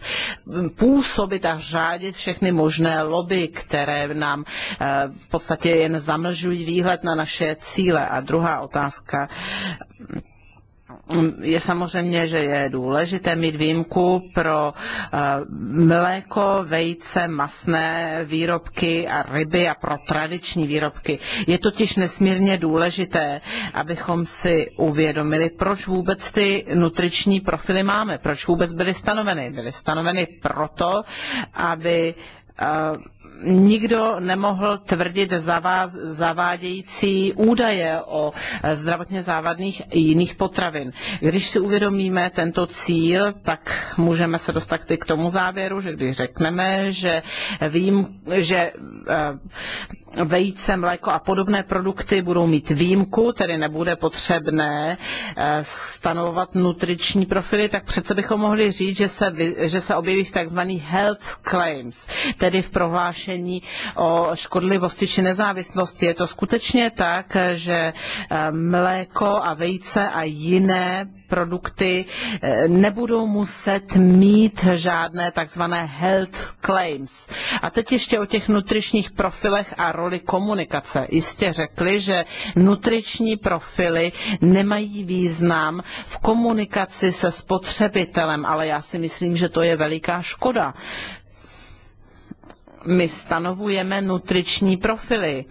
S1: mm, působit a řádit všechny možné lobby, které nám eh, v podstatě jen zamlžují výhled na naše cíle. A druhá otázka je samozřejmě, že je důležité mít výjimku pro eh, mléko, vejce, masné výrobky a ryby a pro tradiční výrobky. Je totiž nesmírně důležité, abychom si uvědomili, proč vůbec ty nutriční profily máme, proč vůbec byly stanoveny. Byly stanoveny proto, aby eh, nikdo nemohl tvrdit zavádějící údaje o eh, zdravotně závadných jiných potravin. Když si uvědomíme tento cíl, tak můžeme se dostat k tomu závěru, že když řekneme, že vím, že eh, vejce, mléko a podobné produkty budou mít výjimku, tedy nebude potřebné eh, stanovovat nutriční profily, tak přece bychom mohli říct, že se, že se objeví v tzv. health claims, tedy v prohlášení prohlášení o škodlivosti či nezávislosti. Je to skutečně tak, že eh, mléko a vejce a jiné produkty eh, nebudou muset mít žádné takzvané health claims. A teď ještě o těch nutričních profilech a roli komunikace. Jistě řekli, že nutriční profily nemají význam v komunikaci se spotřebitelem, ale já si myslím, že to je veliká škoda my stanovujeme nutriční profily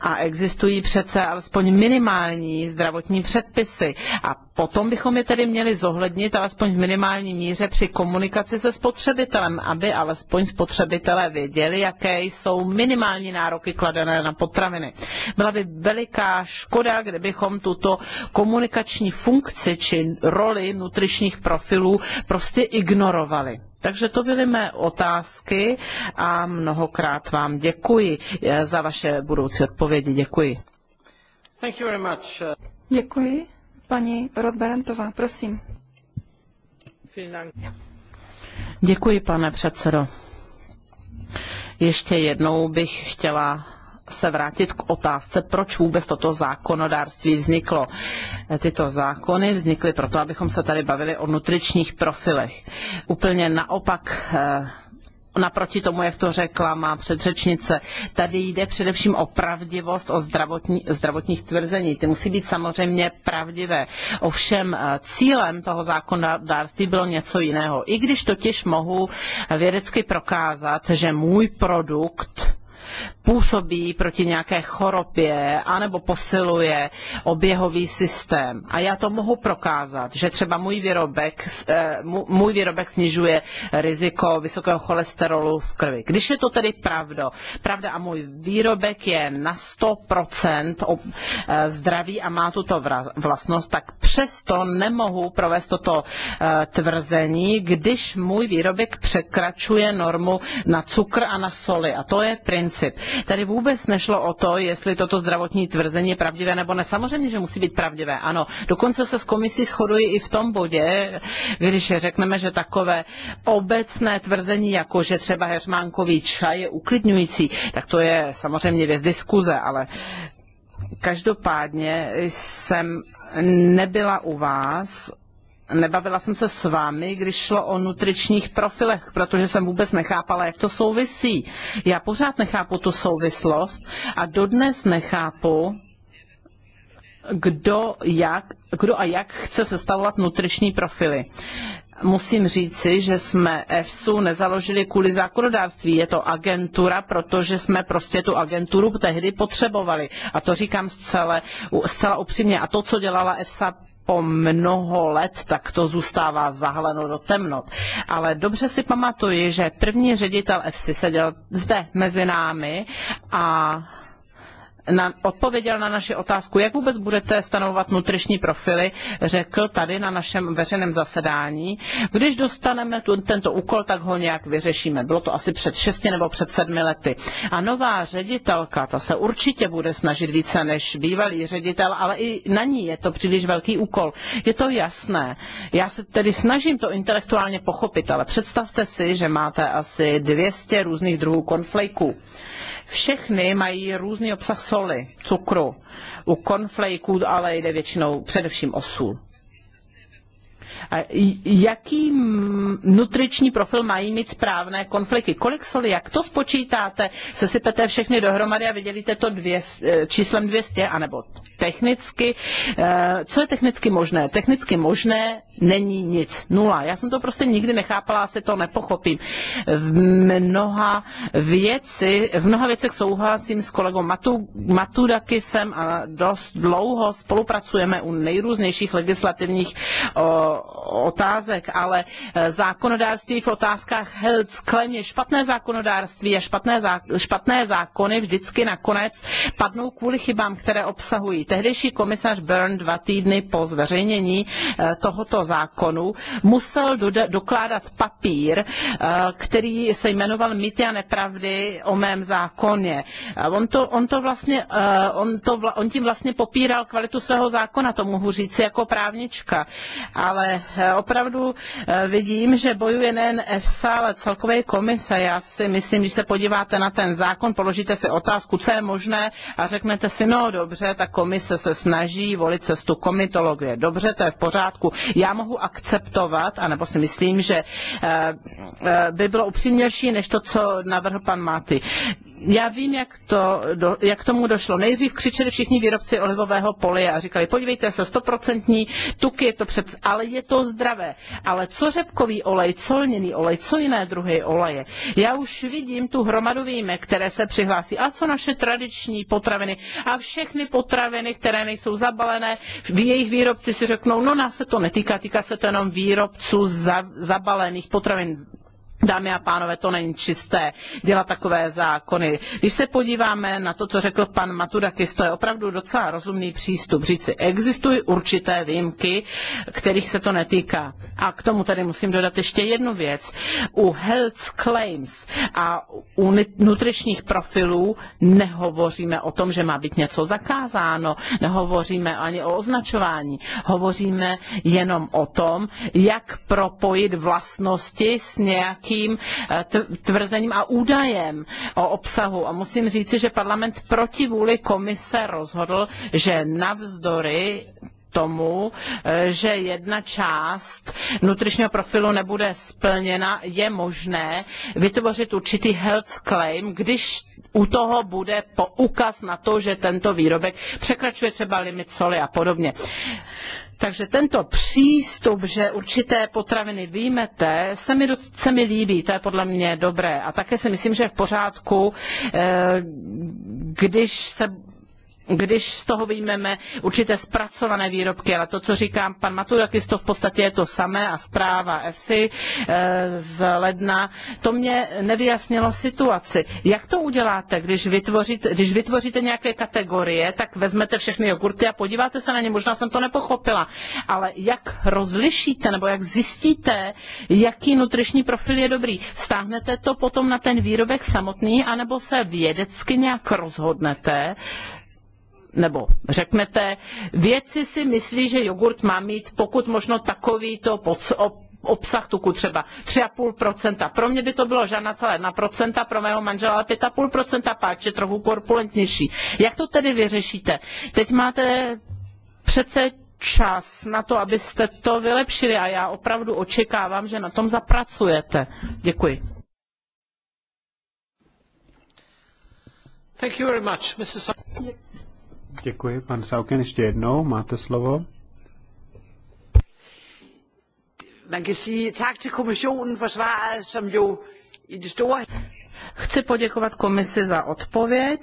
S1: a existují přece alespoň minimální zdravotní předpisy a potom bychom je tedy měli zohlednit alespoň v minimální míře při komunikaci se spotřebitelem, aby alespoň spotřebitelé věděli, jaké jsou minimální nároky kladené na potraviny. Byla by veliká škoda, kdybychom tuto komunikační funkci či roli nutričních profilů prostě ignorovali. Takže to byly mé otázky a mnohokrát vám děkuji eh, za vaše budoucí odpovědi. Děkuji.
S2: Thank you very much. Děkuji. Paní Rodberentová, prosím.
S1: Děkuji, pane předsedo. Ještě jednou bych chtěla se vrátit k otázce, proč vůbec toto zákonodárství vzniklo. Tyto zákony vznikly proto, abychom se tady bavili o nutričních profilech. Úplně naopak eh, naproti tomu, jak to řekla má předřečnice, tady jde především o pravdivost, o zdravotní, zdravotních tvrzení. Ty musí být samozřejmě pravdivé. Ovšem eh, cílem toho zákonodárství bylo něco jiného. I když totiž mohu eh, vědecky prokázat, že můj produkt působí proti nějaké chorobě anebo posiluje oběhový systém. A já to mohu prokázat, že třeba můj výrobek, eh, můj výrobek snižuje riziko vysokého cholesterolu v krvi. Když je to tedy pravda, pravda a můj výrobek je na 100% eh, zdravý a má tuto vlastnost, tak přesto nemohu provést toto eh, tvrzení, když můj výrobek překračuje normu na cukr a na soli. A to je princip princip. Tady vůbec nešlo o to, jestli toto zdravotní tvrzení je pravdivé nebo ne. Samozřejmě, že musí být pravdivé, ano. Dokonce se s komisí shoduji i v tom bodě, když řekneme, že takové obecné tvrzení, jako že třeba heřmánkový čaj je uklidňující, tak to je samozřejmě věc diskuze, ale Každopádně jsem nebyla u vás nebavila jsem se s vámi, když šlo o nutričních profilech, protože jsem vůbec nechápala, jak to souvisí. Já pořád nechápu tu souvislost a dodnes nechápu, kdo, jak, kdo a jak chce sestavovat nutriční profily. Musím říci, že jsme EFSU nezaložili kvůli zákonodárství. Je to agentura, protože jsme prostě tu agenturu tehdy potřebovali. A to říkám zcela, zcela upřímně. A to, co dělala EFSA po mnoho let takto zůstává zahleno do temnot. Ale dobře si pamatuji, že první ředitel FC seděl zde mezi námi a na, odpověděl na naši otázku, jak vůbec budete stanovovat nutriční profily, řekl tady na našem veřejném zasedání. Když dostaneme tu, tento úkol, tak ho nějak vyřešíme. Bylo to asi před šesti nebo před sedmi lety. A nová ředitelka, ta se určitě bude snažit více než bývalý ředitel, ale i na ní je to příliš velký úkol. Je to jasné. Já se tedy snažím to intelektuálně pochopit, ale představte si, že máte asi 200 různých druhů konfliktů. Všechny mají různý obsah soli, cukru. U konflejků ale jde většinou především o sůl. Jaký nutriční profil mají mít správné konfliky? Kolik soli? Jak to spočítáte? Sesypete všechny dohromady a vydělíte to dvě, eh, číslem 200, anebo technicky. Eh, co je technicky možné? Technicky možné není nic. Nula. Já jsem to prostě nikdy nechápala, asi to nepochopím. V mnoha věci, v mnoha věcech souhlasím s kolegou Matu, Matudakisem a dost dlouho spolupracujeme u nejrůznějších legislativních o, otázek, ale eh, zákonodárství v otázkách held skleně. Špatné zákonodárství a špatné, zá, špatné zákony vždycky nakonec padnou kvůli chybám, které obsahují. Tehdejší komisař Burn dva týdny po zveřejnění eh, tohoto zákonu musel dokládat papír, eh, který se jmenoval Mity a nepravdy o mém zákoně. On to, on to vlastně, on, to, on tím vlastně popíral kvalitu svého zákona, to mohu říct jako právnička. Ale Eh, opravdu eh, vidím, že bojuje nejen EFSA, ale celkově komise. Já si myslím, když se podíváte na ten zákon, položíte si otázku, co je možné a řeknete si, no dobře, ta komise se snaží volit cestu komitologie. Dobře, to je v pořádku. Já mohu akceptovat, anebo si myslím, že eh, by bylo upřímnější, než to, co navrhl pan Máty já vím, jak, to, do, jak tomu došlo. Nejdřív křičeli všichni výrobci olivového pole a říkali, podívejte se, stoprocentní tuk je to před, ale je to zdravé. Ale co řepkový olej, co lněný olej, co jiné druhy oleje? Já už vidím tu hromadu výjimek, které se přihlásí. A co naše tradiční potraviny a všechny potraviny, které nejsou zabalené, v jejich výrobci si řeknou, no nás se to netýká, týká se to jenom výrobců za, zabalených potravin Dámy a pánové, to není čisté dělat takové zákony. Když se podíváme na to, co řekl pan Matudakis, to je opravdu docela rozumný přístup. Říci, existují určité výjimky, kterých se to netýká. A k tomu tady musím dodat ještě jednu věc. U health claims a u nutričních profilů nehovoříme o tom, že má být něco zakázáno, nehovoříme ani o označování. Hovoříme jenom o tom, jak propojit vlastnosti s nějakým nějakým eh, tvrzením a údajem o obsahu. A musím říci, že parlament proti vůli komise rozhodl, že navzdory tomu, eh, že jedna část nutričního profilu nebude splněna, je možné vytvořit určitý health claim, když u toho bude poukaz na to, že tento výrobek překračuje třeba limit soli a podobně. Takže tento přístup, že určité potraviny výjmete, se mi, se mi líbí, to je podle mě dobré. A také si myslím, že je v pořádku, eh, když se když z toho vyjmeme určité zpracované výrobky, ale to, co říkám pan Maturakis, to v podstatě je to samé a zpráva EFSI eh, z ledna, to mě nevyjasnilo situaci. Jak to uděláte, když, vytvořit, když vytvoříte nějaké kategorie, tak vezmete všechny jogurty a podíváte se na ně, možná jsem to nepochopila, ale jak rozlišíte nebo jak zjistíte, jaký nutriční profil je dobrý? Vztáhnete to potom na ten výrobek samotný, anebo se vědecky nějak rozhodnete, nebo řeknete, vědci si myslí, že jogurt má mít pokud možno takovýto obsah tuku třeba 3,5%. Pro mě by to bylo žádná celé procenta, pro mého manžela 5,5%, páč je trochu korpulentnější. Jak to tedy vyřešíte? Teď máte přece čas na to, abyste to vylepšili a já opravdu očekávám, že na tom zapracujete. Děkuji. Thank you very much, Mrs.
S3: Děkuji. Pan Sauken ještě jednou, máte slovo.
S1: Man kan sige tak til kommissionen for svaret, som jo i det store... Chci poděkovat komisi za odpověď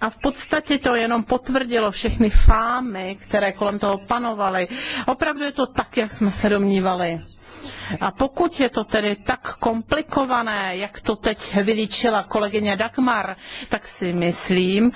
S1: a v podstatě to jenom potvrdilo všechny fámy, které kolem toho panovaly. Opravdu je to tak, jak jsme se domnívali. A pokud je to tedy tak komplikované, jak to teď vylíčila kolegyně Dagmar, tak si myslím,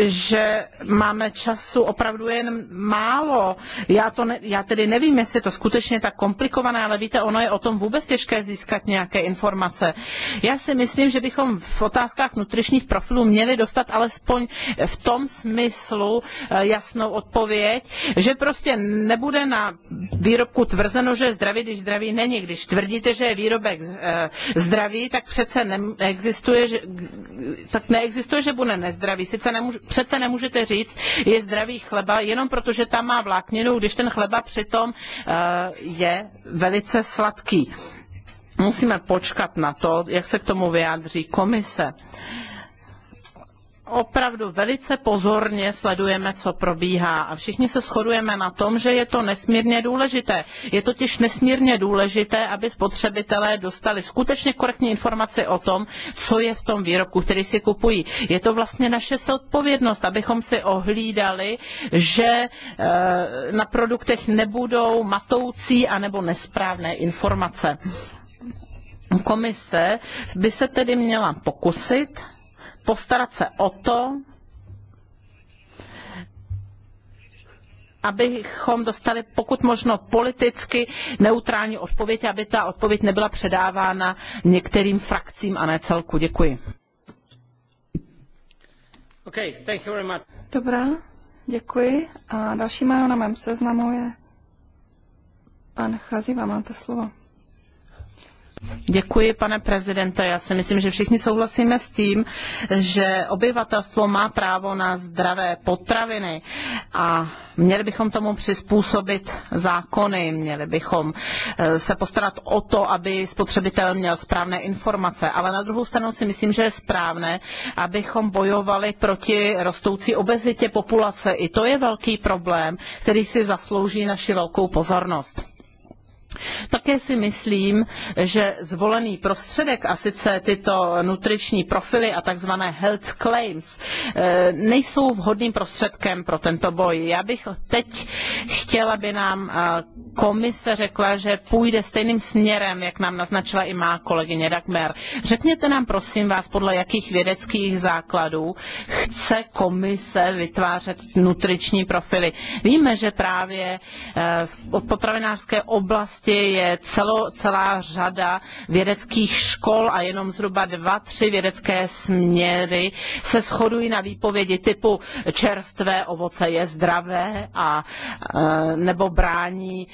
S1: že máme času opravdu jen málo. Já, to ne, já tedy nevím, jestli je to skutečně tak komplikované, ale víte, ono je o tom vůbec těžké získat nějaké informace. Já si myslím, že bychom v otázkách nutričních profilů měli dostat alespoň v tom smyslu eh, jasnou odpověď, že prostě nebude na výrobku tvrzeno, že je zdravý, když zdravý není. Když tvrdíte, že je výrobek eh, zdravý, tak přece neexistuje, že, tak neexistuje, že bude nezdravý. Sice nemůž, přece nemůžete říct, je zdravý chleba, jenom protože tam má vlákninu, když ten chleba přitom eh, je velice sladký. Musíme počkat na to, jak se k tomu vyjádří komise. Uh, opravdu velice pozorně sledujeme, co probíhá a všichni se shodujeme na tom, že je to nesmírně důležité. Je totiž nesmírně důležité, aby spotřebitelé dostali skutečně korektní informaci o tom, co je v tom výrobku, který si kupují. Je to vlastně naše odpovědnost, abychom si ohlídali, že eh, na produktech nebudou matoucí anebo nesprávné informace. Komise by se tedy měla pokusit postarat se o to, abychom dostali pokud možno politicky neutrální odpověď, aby ta odpověď nebyla předávána některým frakcím a ne celku. Děkuji. Okay, thank you very much.
S2: Dobrá, děkuji. A další jméno na mém seznamu je pan Chaziva, máte slovo.
S1: Děkuji, pane prezidente. Já si myslím, že všichni souhlasíme s tím, že obyvatelstvo má právo na zdravé potraviny a měli bychom tomu přizpůsobit zákony, měli bychom eh, se postarat o to, aby spotřebitel měl správné informace. Ale na druhou stranu si myslím, že je správné, abychom bojovali proti rostoucí obezitě populace. I to je velký problém, který si zaslouží naši velkou pozornost. Také si myslím, že zvolený prostředek a sice tyto nutriční profily a takzvané health claims eh, nejsou vhodným prostředkem pro tento boj. Já bych teď chtěla, aby nám eh, komise řekla, že půjde stejným směrem, jak nám naznačila i má kolegyně Dagmer. Řekněte nám prosím vás, podle jakých vědeckých základů chce komise vytvářet nutriční profily. Víme, že právě eh, v potravinářské oblasti je celo, celá řada vědeckých škol a jenom zhruba dva, tři vědecké směry se shodují na výpovědi typu čerstvé ovoce je zdravé a eh, nebo brání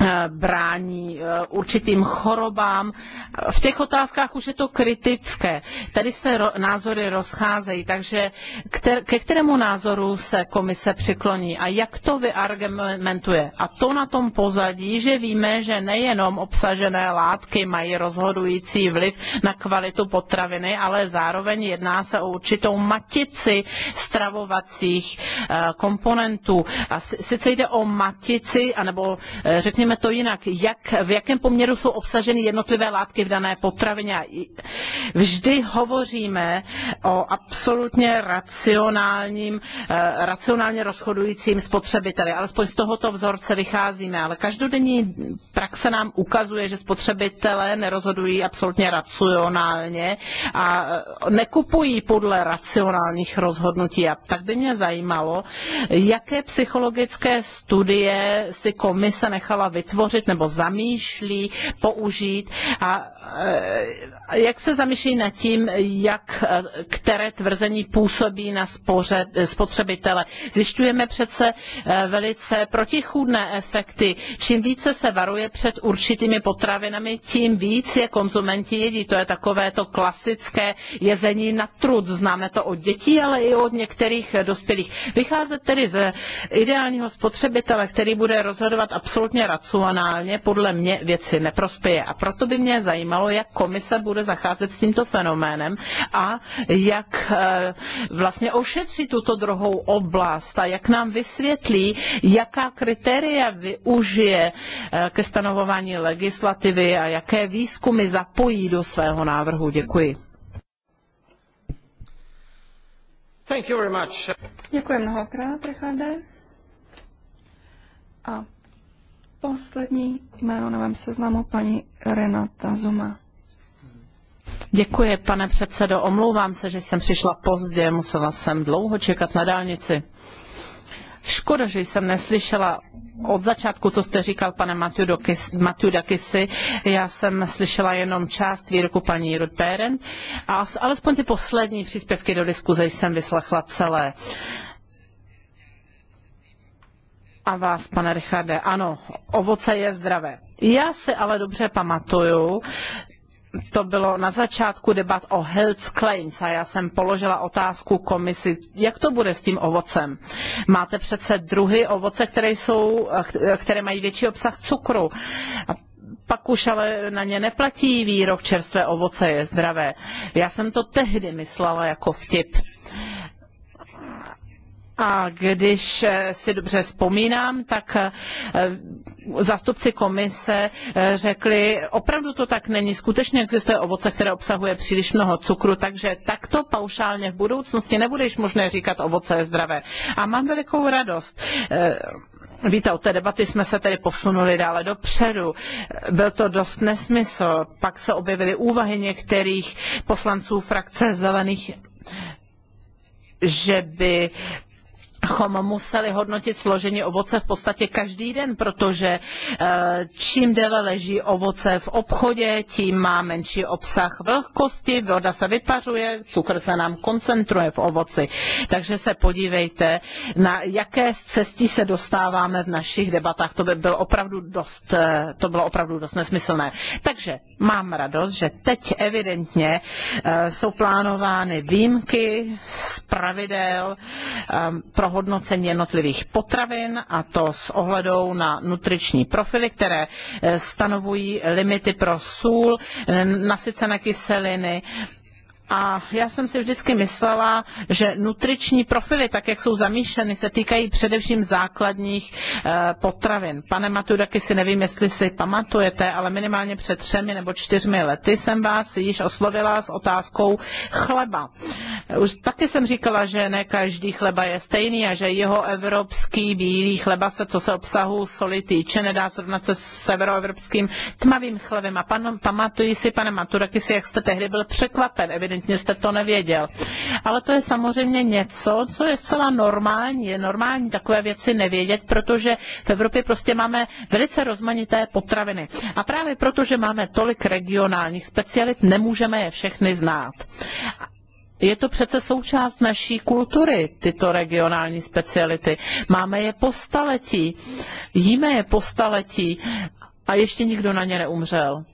S1: Eh, brání eh, určitým chorobám. V těch otázkách už je to kritické. Tady se ro, názory rozcházejí, takže kter, ke kterému názoru se komise přikloní a jak to vyargumentuje? A to na tom pozadí, že víme, že nejenom obsažené látky mají rozhodující vliv na kvalitu potraviny, ale zároveň jedná se o určitou matici stravovacích eh, komponentů. A sice jde o matici, anebo řekněme, řekněme to jinak, jak, v jakém poměru jsou obsaženy jednotlivé látky v dané potravině. Vždy hovoříme o absolutně racionálním, eh, racionálně rozhodujícím spotřebiteli. Alespoň z tohoto vzorce vycházíme, ale každodenní praxe nám ukazuje, že spotřebitelé nerozhodují absolutně racionálně a eh, nekupují podle racionálních rozhodnutí. A tak by mě zajímalo, jaké psychologické studie si komise nechala vytvořit nebo zamýšlí použít a e, jak se zamýšlí nad tím, jak e, které tvrzení působí na spoře, e, spotřebitele. Zjišťujeme přece velice protichůdné efekty. Čím více se varuje před určitými potravinami, tím víc je konzumenti jedí. To je takové to klasické jezení na trud. Známe to od dětí, ale i od některých dospělých. Vycházet tedy ze ideálního spotřebitele, který bude rozhodovat absolutně racionálně podle mě věci neprospěje. A proto by mě zajímalo, jak komise bude zacházet s tímto fenoménem a jak eh, vlastně ošetří tuto druhou oblast a jak nám vysvětlí, jaká kritéria využije eh, ke stanovování legislativy a jaké výzkumy zapojí do svého návrhu. Děkuji. Thank you very
S2: much. Děkuji mnohokrát, Richarde. A poslední jméno na mém seznamu paní Renata Zuma.
S1: Děkuji, pane předsedo. Omlouvám se, že jsem přišla pozdě, musela jsem dlouho čekat na dálnici. Škoda, že jsem neslyšela od začátku, co jste říkal, pane Dakisi. Já jsem slyšela jenom část výroku paní Ruth Beren, a alespoň ty poslední příspěvky do diskuze jsem vyslechla celé a vás, pane Richarde. Ano, ovoce je zdravé. Já si ale dobře pamatuju, to bylo na začátku debat o health claims a já jsem položila otázku komisi, jak to bude s tím ovocem. Máte přece druhy ovoce, které, jsou, které mají větší obsah cukru. A pak už ale na ně neplatí výrok čerstvé ovoce je zdravé. Já jsem to tehdy myslela jako vtip. A když eh, si dobře vzpomínám, tak eh, zástupci komise eh, řekli, opravdu to tak není, skutečně existuje ovoce, které obsahuje příliš mnoho cukru, takže takto paušálně v budoucnosti nebude již možné říkat ovoce je zdravé. A mám velikou radost. Víte, od té debaty jsme se tedy posunuli dále dopředu. Byl to dost nesmysl. Pak se objevily úvahy některých poslanců frakce zelených že by bychom museli hodnotit složení ovoce v podstatě každý den, protože eh, čím déle leží ovoce v obchodě, tím má menší obsah vlhkosti, voda se vypařuje, cukr se nám koncentruje v ovoci. Takže se podívejte, na jaké cestí se dostáváme v našich debatách. To by bylo opravdu dost, eh, to bylo opravdu dost nesmyslné. Takže mám radost, že teď evidentně eh, jsou plánovány výjimky z pravidel pro hodnocení jednotlivých potravin a to s ohledou na nutriční profily, které eh, stanovují limity pro sůl, nasycené kyseliny, a já jsem si vždycky myslela, že nutriční profily, tak jak jsou zamýšleny, se týkají především základních e, potravin. Pane Maturaky, si nevím, jestli si pamatujete, ale minimálně před třemi nebo čtyřmi lety jsem vás již oslovila s otázkou chleba. Už taky jsem říkala, že ne každý chleba je stejný a že jeho evropský bílý chleba se, co se obsahu soli týče, nedá srovnat se s severoevropským tmavým chlebem. A pan, pamatuji si, pane Maturaky, si, jak jste tehdy byl překvapen, evidentně evidentně jste to nevěděl. Ale to je samozřejmě něco, co je zcela normální. Je normální takové věci nevědět, protože v Evropě prostě máme velice rozmanité potraviny. A právě proto, že máme tolik regionálních specialit, nemůžeme je všechny znát. Je to přece součást naší kultury, tyto regionální speciality. Máme je po staletí, jíme je po staletí a ještě nikdo na ně neumřel.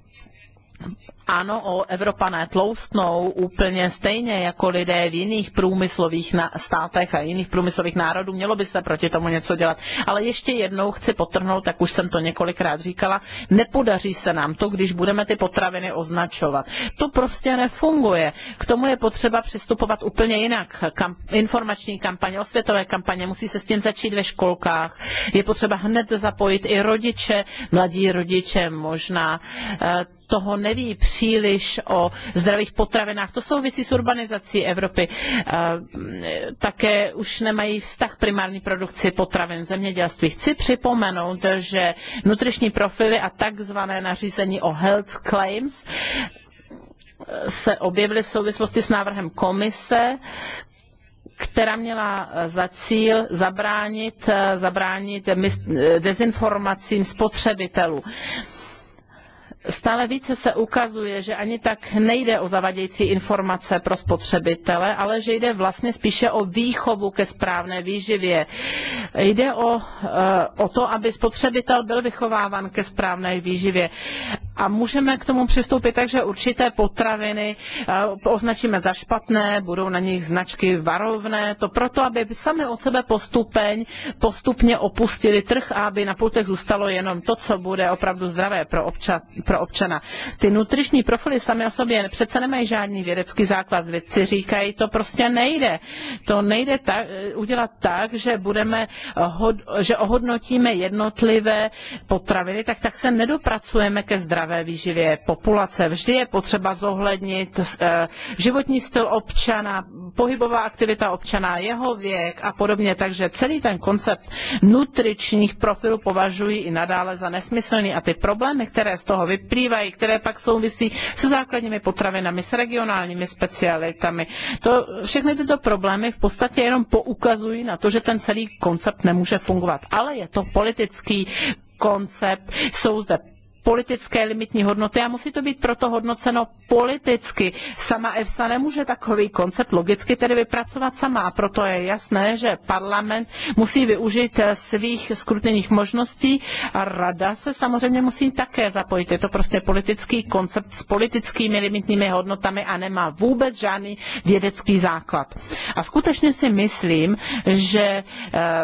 S1: Ano, o Evropané tloustnou úplně stejně jako lidé v jiných průmyslových státech a jiných průmyslových národů. Mělo by se proti tomu něco dělat. Ale ještě jednou chci potrhnout, tak už jsem to několikrát říkala, nepodaří se nám to, když budeme ty potraviny označovat. To prostě nefunguje. K tomu je potřeba přistupovat úplně jinak. Kam, informační kampaně, osvětové kampaně, musí se s tím začít ve školkách. Je potřeba hned zapojit i rodiče, mladí rodiče, možná eh, toho neví příliš o zdravých potravinách. To souvisí s urbanizací Evropy. Také už nemají vztah primární produkci potravin v zemědělství. Chci připomenout, že nutriční profily a takzvané nařízení o health claims se objevily v souvislosti s návrhem komise, která měla za cíl zabránit, zabránit dezinformacím spotřebitelů. Stále více se ukazuje, že ani tak nejde o zavadějící informace pro spotřebitele, ale že jde vlastně spíše o výchovu ke správné výživě. Jde o, e, o to, aby spotřebitel byl vychováván ke správné výživě a můžeme k tomu přistoupit tak, že určité potraviny eh, označíme za špatné, budou na nich značky varovné, to proto, aby sami od sebe postupeň, postupně opustili trh a aby na pultech zůstalo jenom to, co bude opravdu zdravé pro, obča, pro občana. Ty nutriční profily sami o sobě přece nemají žádný vědecký základ. Vědci říkají, to prostě nejde. To nejde tak, udělat tak, že budeme, eh, hod, že ohodnotíme jednotlivé potraviny, tak tak se nedopracujeme ke zdraví zdravé výživě populace. Vždy je potřeba zohlednit eh, životní styl občana, pohybová aktivita občana, jeho věk a podobně. Takže celý ten koncept nutričních profilů považuji i nadále za nesmyslný a ty problémy, které z toho vyplývají, které pak souvisí se základními potravinami, s regionálními specialitami, to, všechny tyto problémy v podstatě jenom poukazují na to, že ten celý koncept nemůže fungovat. Ale je to politický koncept, jsou zde politické limitní hodnoty a musí to být proto hodnoceno politicky. Sama EFSA nemůže takový koncept logicky tedy vypracovat sama a proto je jasné, že parlament musí využít eh, svých skrutinních možností a rada se samozřejmě musí také zapojit. Je to prostě politický koncept s politickými limitními hodnotami a nemá vůbec žádný vědecký základ. A skutečně si myslím, že eh,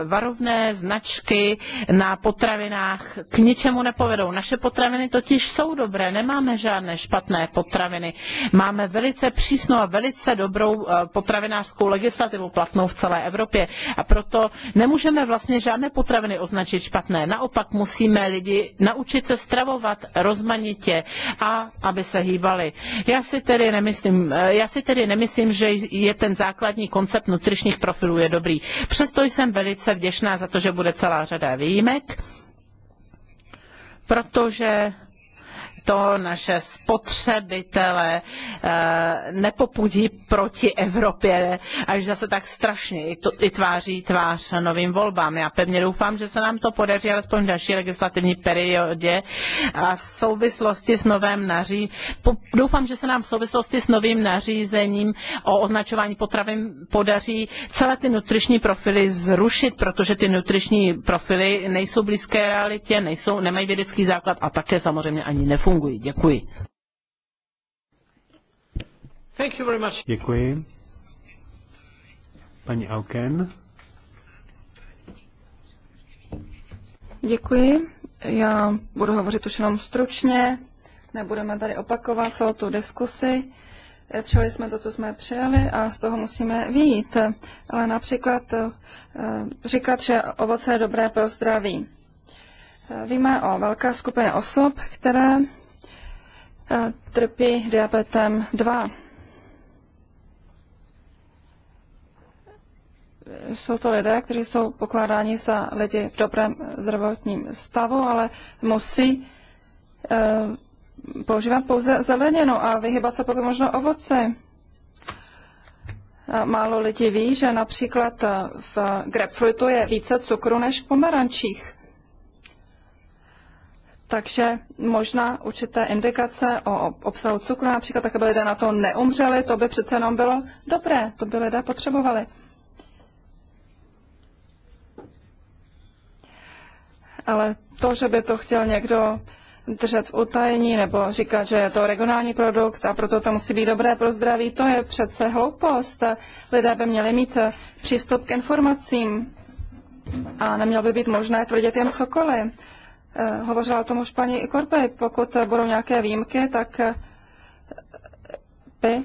S1: varovné značky na potravinách k ničemu nepovedou. Naše potraviny potraviny totiž jsou dobré, nemáme žádné špatné potraviny. Máme velice přísnou a velice dobrou eh, potravinářskou legislativu platnou v celé Evropě a proto nemůžeme vlastně žádné potraviny označit špatné. Naopak musíme lidi naučit se stravovat rozmanitě a aby se hýbali. Já si tedy nemyslím, eh, já si tedy nemyslím, že je ten základní koncept nutričních profilů je dobrý. Přesto jsem velice vděčná za to, že bude celá řada výjimek protože to naše spotřebitele eh, nepopudí proti Evropě až zase tak strašně i, tváří tvář novým volbám. Já pevně doufám, že se nám to podaří alespoň v další legislativní periodě a v souvislosti s novým nařízením. Doufám, že se nám v souvislosti s novým nařízením o označování potravin podaří celé ty nutriční profily zrušit, protože ty nutriční profily nejsou blízké realitě, nejsou, nemají vědecký základ a také samozřejmě ani nefungují
S3: nefungují. Děkuji. Thank you very much. Děkuji. Paní Auken.
S2: Děkuji. Já budu hovořit už jenom stručně. Nebudeme tady opakovat celou tu diskusi. Eh, přijali jsme to, co jsme přijali a z toho musíme výjít. Ale například eh, říkat, že ovoce je dobré pro zdraví. Eh, víme o velké skupině osob, které trpí diabetem 2. Jsou to lidé, kteří jsou pokládáni za lidi v dobrém zdravotním stavu, ale musí eh, používat pouze zeleninu a vyhybat se pokud možno ovoci. Málo lidí ví, že například eh, v grapefruitu je více cukru než v pomerančích takže možná určité indikace o obsahu cukru, například tak, aby lidé na to neumřeli, to by přece jenom bylo dobré, to by lidé potřebovali. Ale to, že by to chtěl někdo držet v utajení nebo říkat, že je to regionální produkt a proto to musí být dobré pro zdraví, to je přece hloupost. Lidé by měli mít eh, přístup k informacím a nemělo by být možné tvrdit jim cokoliv. Eh, hovořila o tom už paní Korpe, Korpej. Pokud budou nějaké výjimky, tak eh, by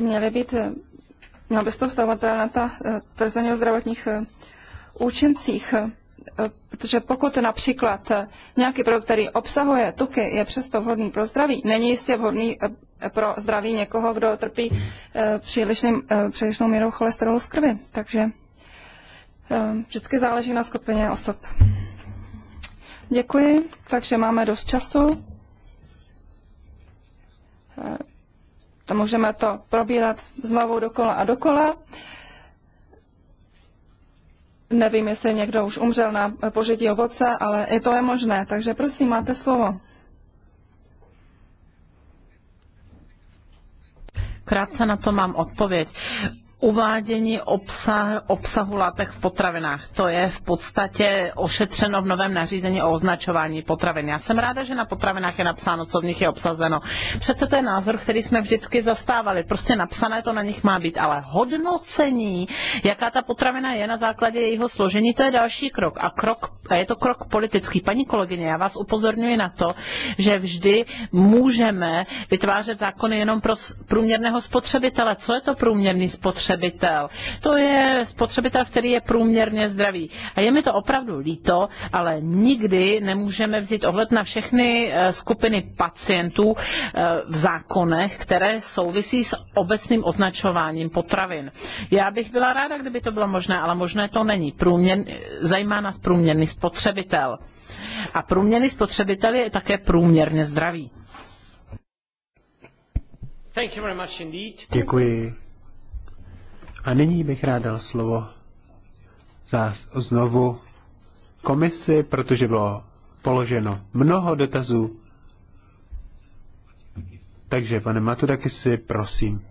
S2: měly být, eh, mělo by to vstávat na ta tvrzení o zdravotních účincích. Protože pokud například nějaký produkt, který obsahuje tuky, je přesto vhodný pro zdraví, není jistě vhodný pro zdraví někoho, kdo trpí přílišným, přílišnou mírou cholesterolu v krvi. Takže vždycky záleží na skupině osob. Děkuji, takže máme dost času. Eh, to můžeme to probírat znovu dokola a dokola. Nevím, jestli někdo už umřel na požití ovoce, ale i to je možné. Takže prosím, máte slovo.
S1: Krátce na to mám odpověď uvádění obsah, obsahu látek v potravinách. To je v podstatě ošetřeno v novém nařízení o označování potravin. Já jsem ráda, že na potravinách je napsáno, co v nich je obsazeno. Přece to je názor, který jsme vždycky zastávali. Prostě napsané to na nich má být, ale hodnocení, jaká ta potravina je na základě jejího složení, to je další krok. A, krok, a je to krok politický. Paní kolegyně, já vás upozorňuji na to, že vždy můžeme vytvářet zákony jenom pro průměrného spotřebitele. Co je to průměrný spotřebitel? spotřebitel. To je spotřebitel, který je průměrně zdravý. A je mi to opravdu líto, ale nikdy nemůžeme vzít ohled na všechny eh, skupiny pacientů eh, v zákonech, které souvisí s obecným označováním potravin. Já bych byla ráda, kdyby to bylo možné, ale možné to není. Průměr, eh, zajímá nás průměrný spotřebitel. A průměrný spotřebitel je také průměrně zdravý.
S3: Děkuji a nyní bych rád dal slovo zás znovu komisi, protože bylo položeno mnoho dotazů. Takže, pane Matudakisi, prosím.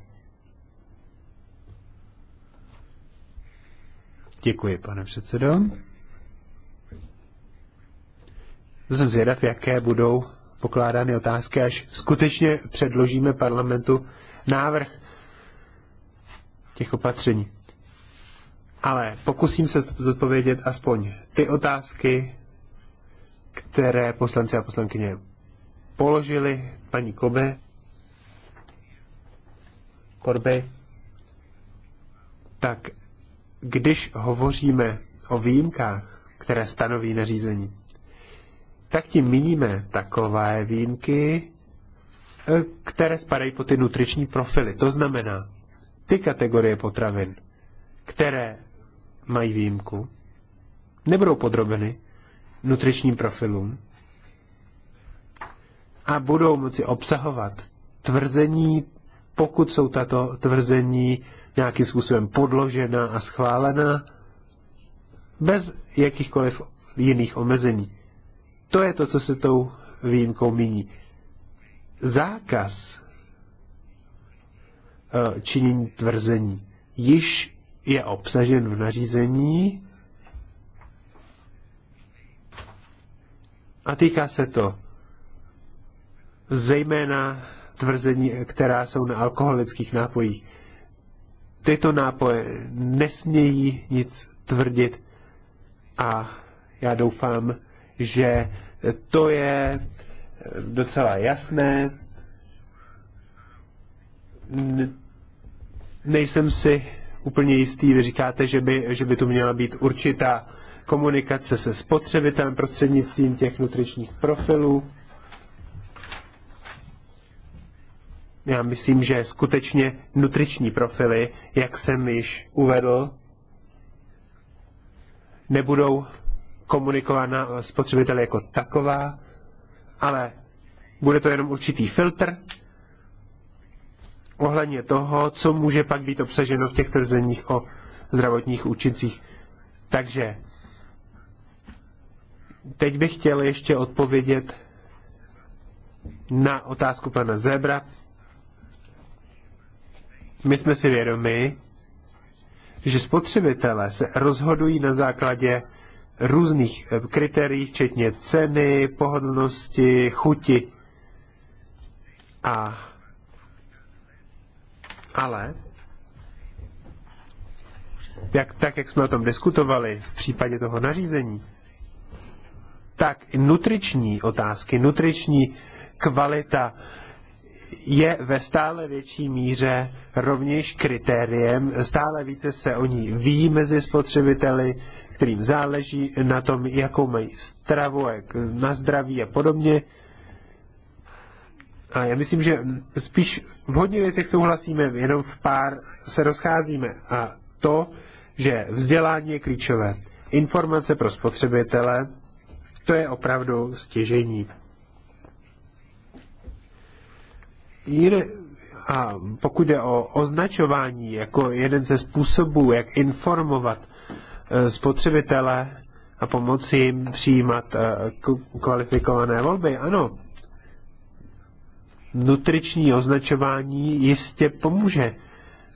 S3: Děkuji, pane předsedo. To jsem zvědav, jaké budou pokládány otázky, až skutečně předložíme parlamentu návrh těch opatření. Ale pokusím se zodpovědět aspoň ty otázky, které poslanci a poslankyně položili paní Kobe, Korby, tak když hovoříme o výjimkách, které stanoví nařízení, tak tím míníme takové výjimky, eh, které spadají po ty nutriční profily. To znamená, ty kategorie potravin, které mají výjimku, nebudou podrobeny nutričním profilům a budou moci obsahovat tvrzení, pokud jsou tato tvrzení nějakým způsobem podložena a schválena, bez jakýchkoliv jiných omezení. To je to, co se tou výjimkou míní. Zákaz Eh, činění tvrzení již je obsažen v nařízení a týká se to zejména tvrzení, která jsou na alkoholických nápojích. Tyto nápoje nesmějí nic tvrdit a já doufám, že to je docela jasné nejsem si úplně jistý. Vy říkáte, že by, že by tu měla být určitá komunikace se spotřebitelem prostřednictvím těch nutričních profilů. Já myslím, že skutečně nutriční profily, jak jsem již uvedl, nebudou komunikována spotřebiteli jako taková, ale bude to jenom určitý filtr, ohledně toho, co může pak být obsaženo v těch tvrzeních o zdravotních účincích. Takže teď bych chtěl ještě odpovědět na otázku pana Zebra. My jsme si vědomi, že spotřebitelé se rozhodují na základě různých eh, kritérií, včetně ceny, pohodlnosti, chuti. A ale jak, tak, jak jsme o tom diskutovali v případě toho nařízení, tak nutriční otázky, nutriční kvalita je ve stále větší míře rovněž kritériem, stále více se o ní ví mezi spotřebiteli, kterým záleží na tom, jakou mají stravu, jak na zdraví a podobně. A já myslím, že spíš v hodně věcech souhlasíme, jenom v pár se rozcházíme. A to, že vzdělání je klíčové. Informace pro spotřebitele, to je opravdu stěžení. Jiné, a pokud jde o označování jako jeden ze způsobů, jak informovat eh, spotřebitele a pomoci jim přijímat eh, kvalifikované volby, ano, nutriční označování jistě pomůže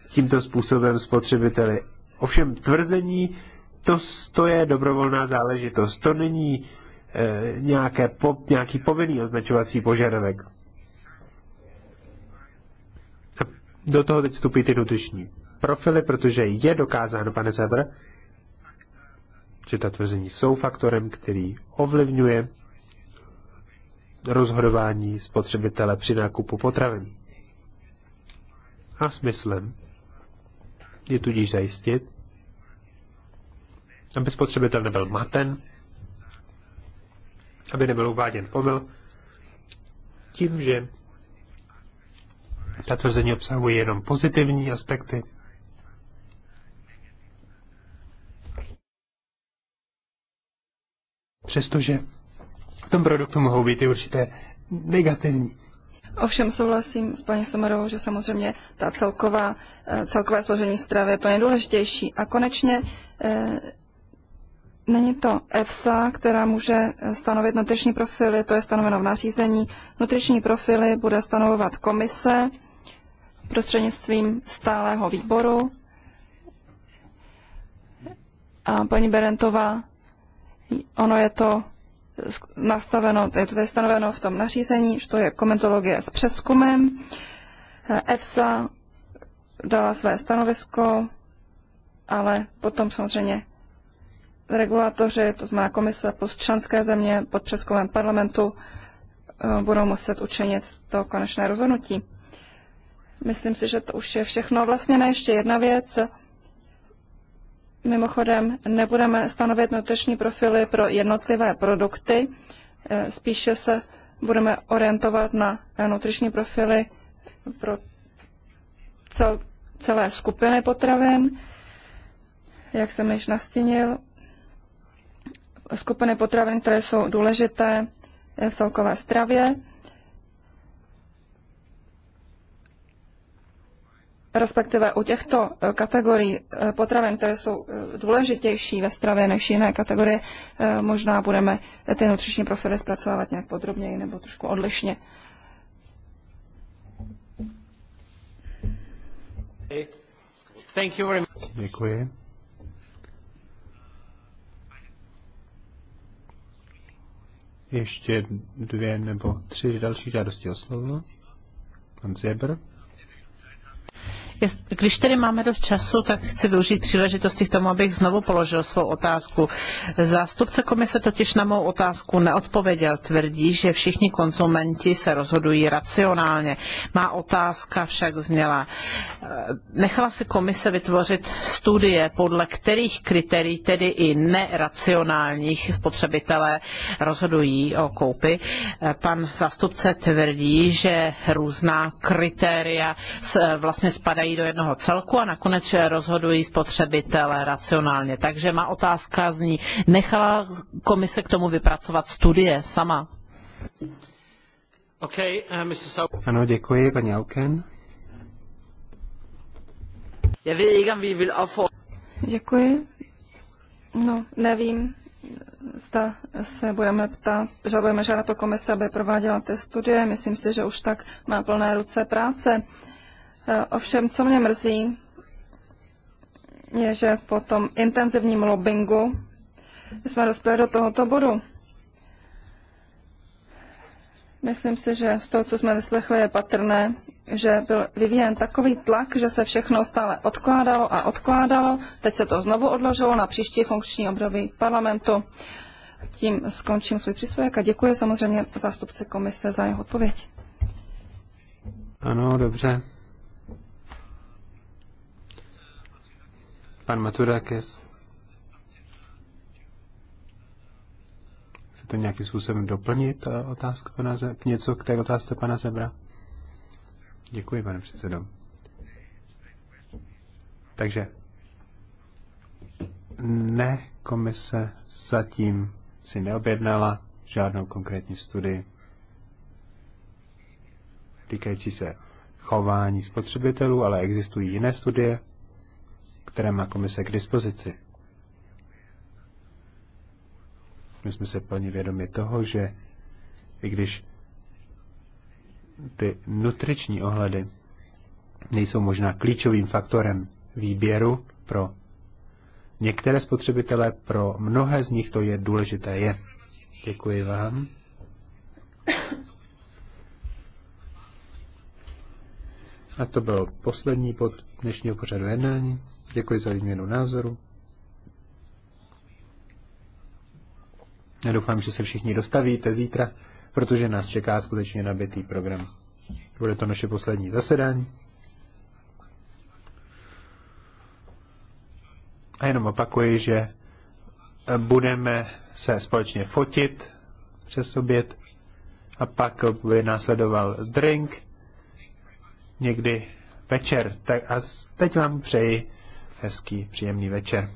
S3: tímto způsobem spotřebiteli. Ovšem tvrzení, to, to je dobrovolná záležitost. To není e, nějaké po, nějaký povinný označovací požadavek. A do toho teď vstupí ty nutriční profily, protože je dokázáno, pane Zebr, že ta tvrzení jsou faktorem, který ovlivňuje rozhodování spotřebitele při nákupu potravin. A smyslem je tudíž zajistit, aby spotřebitel nebyl maten, aby nebyl uváděn pomyl, tím, že ta tvrzení obsahuje jenom pozitivní aspekty. Přestože v tom produktu mohou být i určité negativní.
S2: Ovšem souhlasím s paní Somerovou, že samozřejmě ta celková, eh, celkové složení stravy je to nejdůležitější. A konečně e, není to EFSA, která může eh, stanovit nutriční profily, to je stanoveno v nařízení. Nutriční profily bude stanovovat komise prostřednictvím stálého výboru. A paní Berentová, ono je to nastaveno, je to je stanoveno v tom nařízení, že to je komentologie s přeskumem. EFSA dala své stanovisko, ale potom samozřejmě regulatoři, to znamená komise plus členské země pod přeskumem parlamentu, eh, budou muset učinit to konečné rozhodnutí. Myslím si, že to už je všechno. Vlastně ne ještě jedna věc. Mimochodem, nebudeme stanovit nutriční profily pro jednotlivé produkty, eh, spíše se budeme orientovat na nutriční profily pro cel, celé skupiny potravin, jak jsem již nastínil, skupiny potravin, které jsou důležité eh, v celkové stravě. respektive u těchto eh, kategorií eh, potravin, které jsou eh, důležitější ve stravě než jiné kategorie, možná budeme ty nutriční profily zpracovávat nějak podrobněji nebo trošku odlišně.
S3: Děkuji. Ještě dvě nebo tři další žádosti o slovo. Pan Zebr.
S1: Když tedy máme dost času, tak chci využít příležitosti k tomu, abych znovu položil svou otázku. Zástupce komise totiž na mou otázku neodpověděl. Tvrdí, že všichni konzumenti se rozhodují racionálně. Má otázka však zněla. Eh, nechala si komise vytvořit studie, podle kterých kritérií, tedy i neracionálních spotřebitelé rozhodují o koupi. Eh, pan zástupce tvrdí, že různá kritéria eh, vlastně spadají dají do jednoho celku a nakonec rozhodují spotřebitelé racionálně. Takže má otázka zní, nechala komise k tomu vypracovat studie sama?
S2: Okay, uh, Mrs.
S3: Ano, děkuji, paní Auken.
S2: Děkuji. No, nevím, zda se budeme ptát, že budeme žádat o komise, aby prováděla ty studie. Myslím si, že už tak má plné ruce práce. Ovšem, co mě mrzí, je, že po tom intenzivním lobbingu jsme dospěli do tohoto bodu. Myslím si, že z toho, co jsme vyslechli, je patrné, že byl vyvíjen takový tlak, že se všechno stále odkládalo a odkládalo. Teď se to znovu odložilo na příští funkční období parlamentu. Tím skončím svůj příspěvek a děkuji samozřejmě zástupci komise za jeho odpověď.
S3: Ano, dobře. Pan Maturakis chcete nějakým způsobem doplnit eh, otázku pana Zebra, něco k té otázce pana Zebra? Děkuji, pane předsedo. Takže ne, komise zatím si neobjednala žádnou konkrétní studii týkající se chování spotřebitelů, ale existují jiné studie, které má komise k dispozici. My jsme se plně vědomi toho, že i když ty nutriční ohledy nejsou možná klíčovým faktorem výběru pro některé spotřebitele, pro mnohé z nich to je důležité je. Děkuji vám. A to byl poslední bod dnešního pořadu jednání. Děkuji za výměnu názoru. Já doufám, že se všichni dostavíte zítra, protože nás čeká skutečně nabitý program. Bude to naše poslední zasedání. A jenom opakuji, že budeme se společně fotit přes oběd a pak by následoval drink někdy večer. Tak a teď vám přeji hezký, příjemný večer.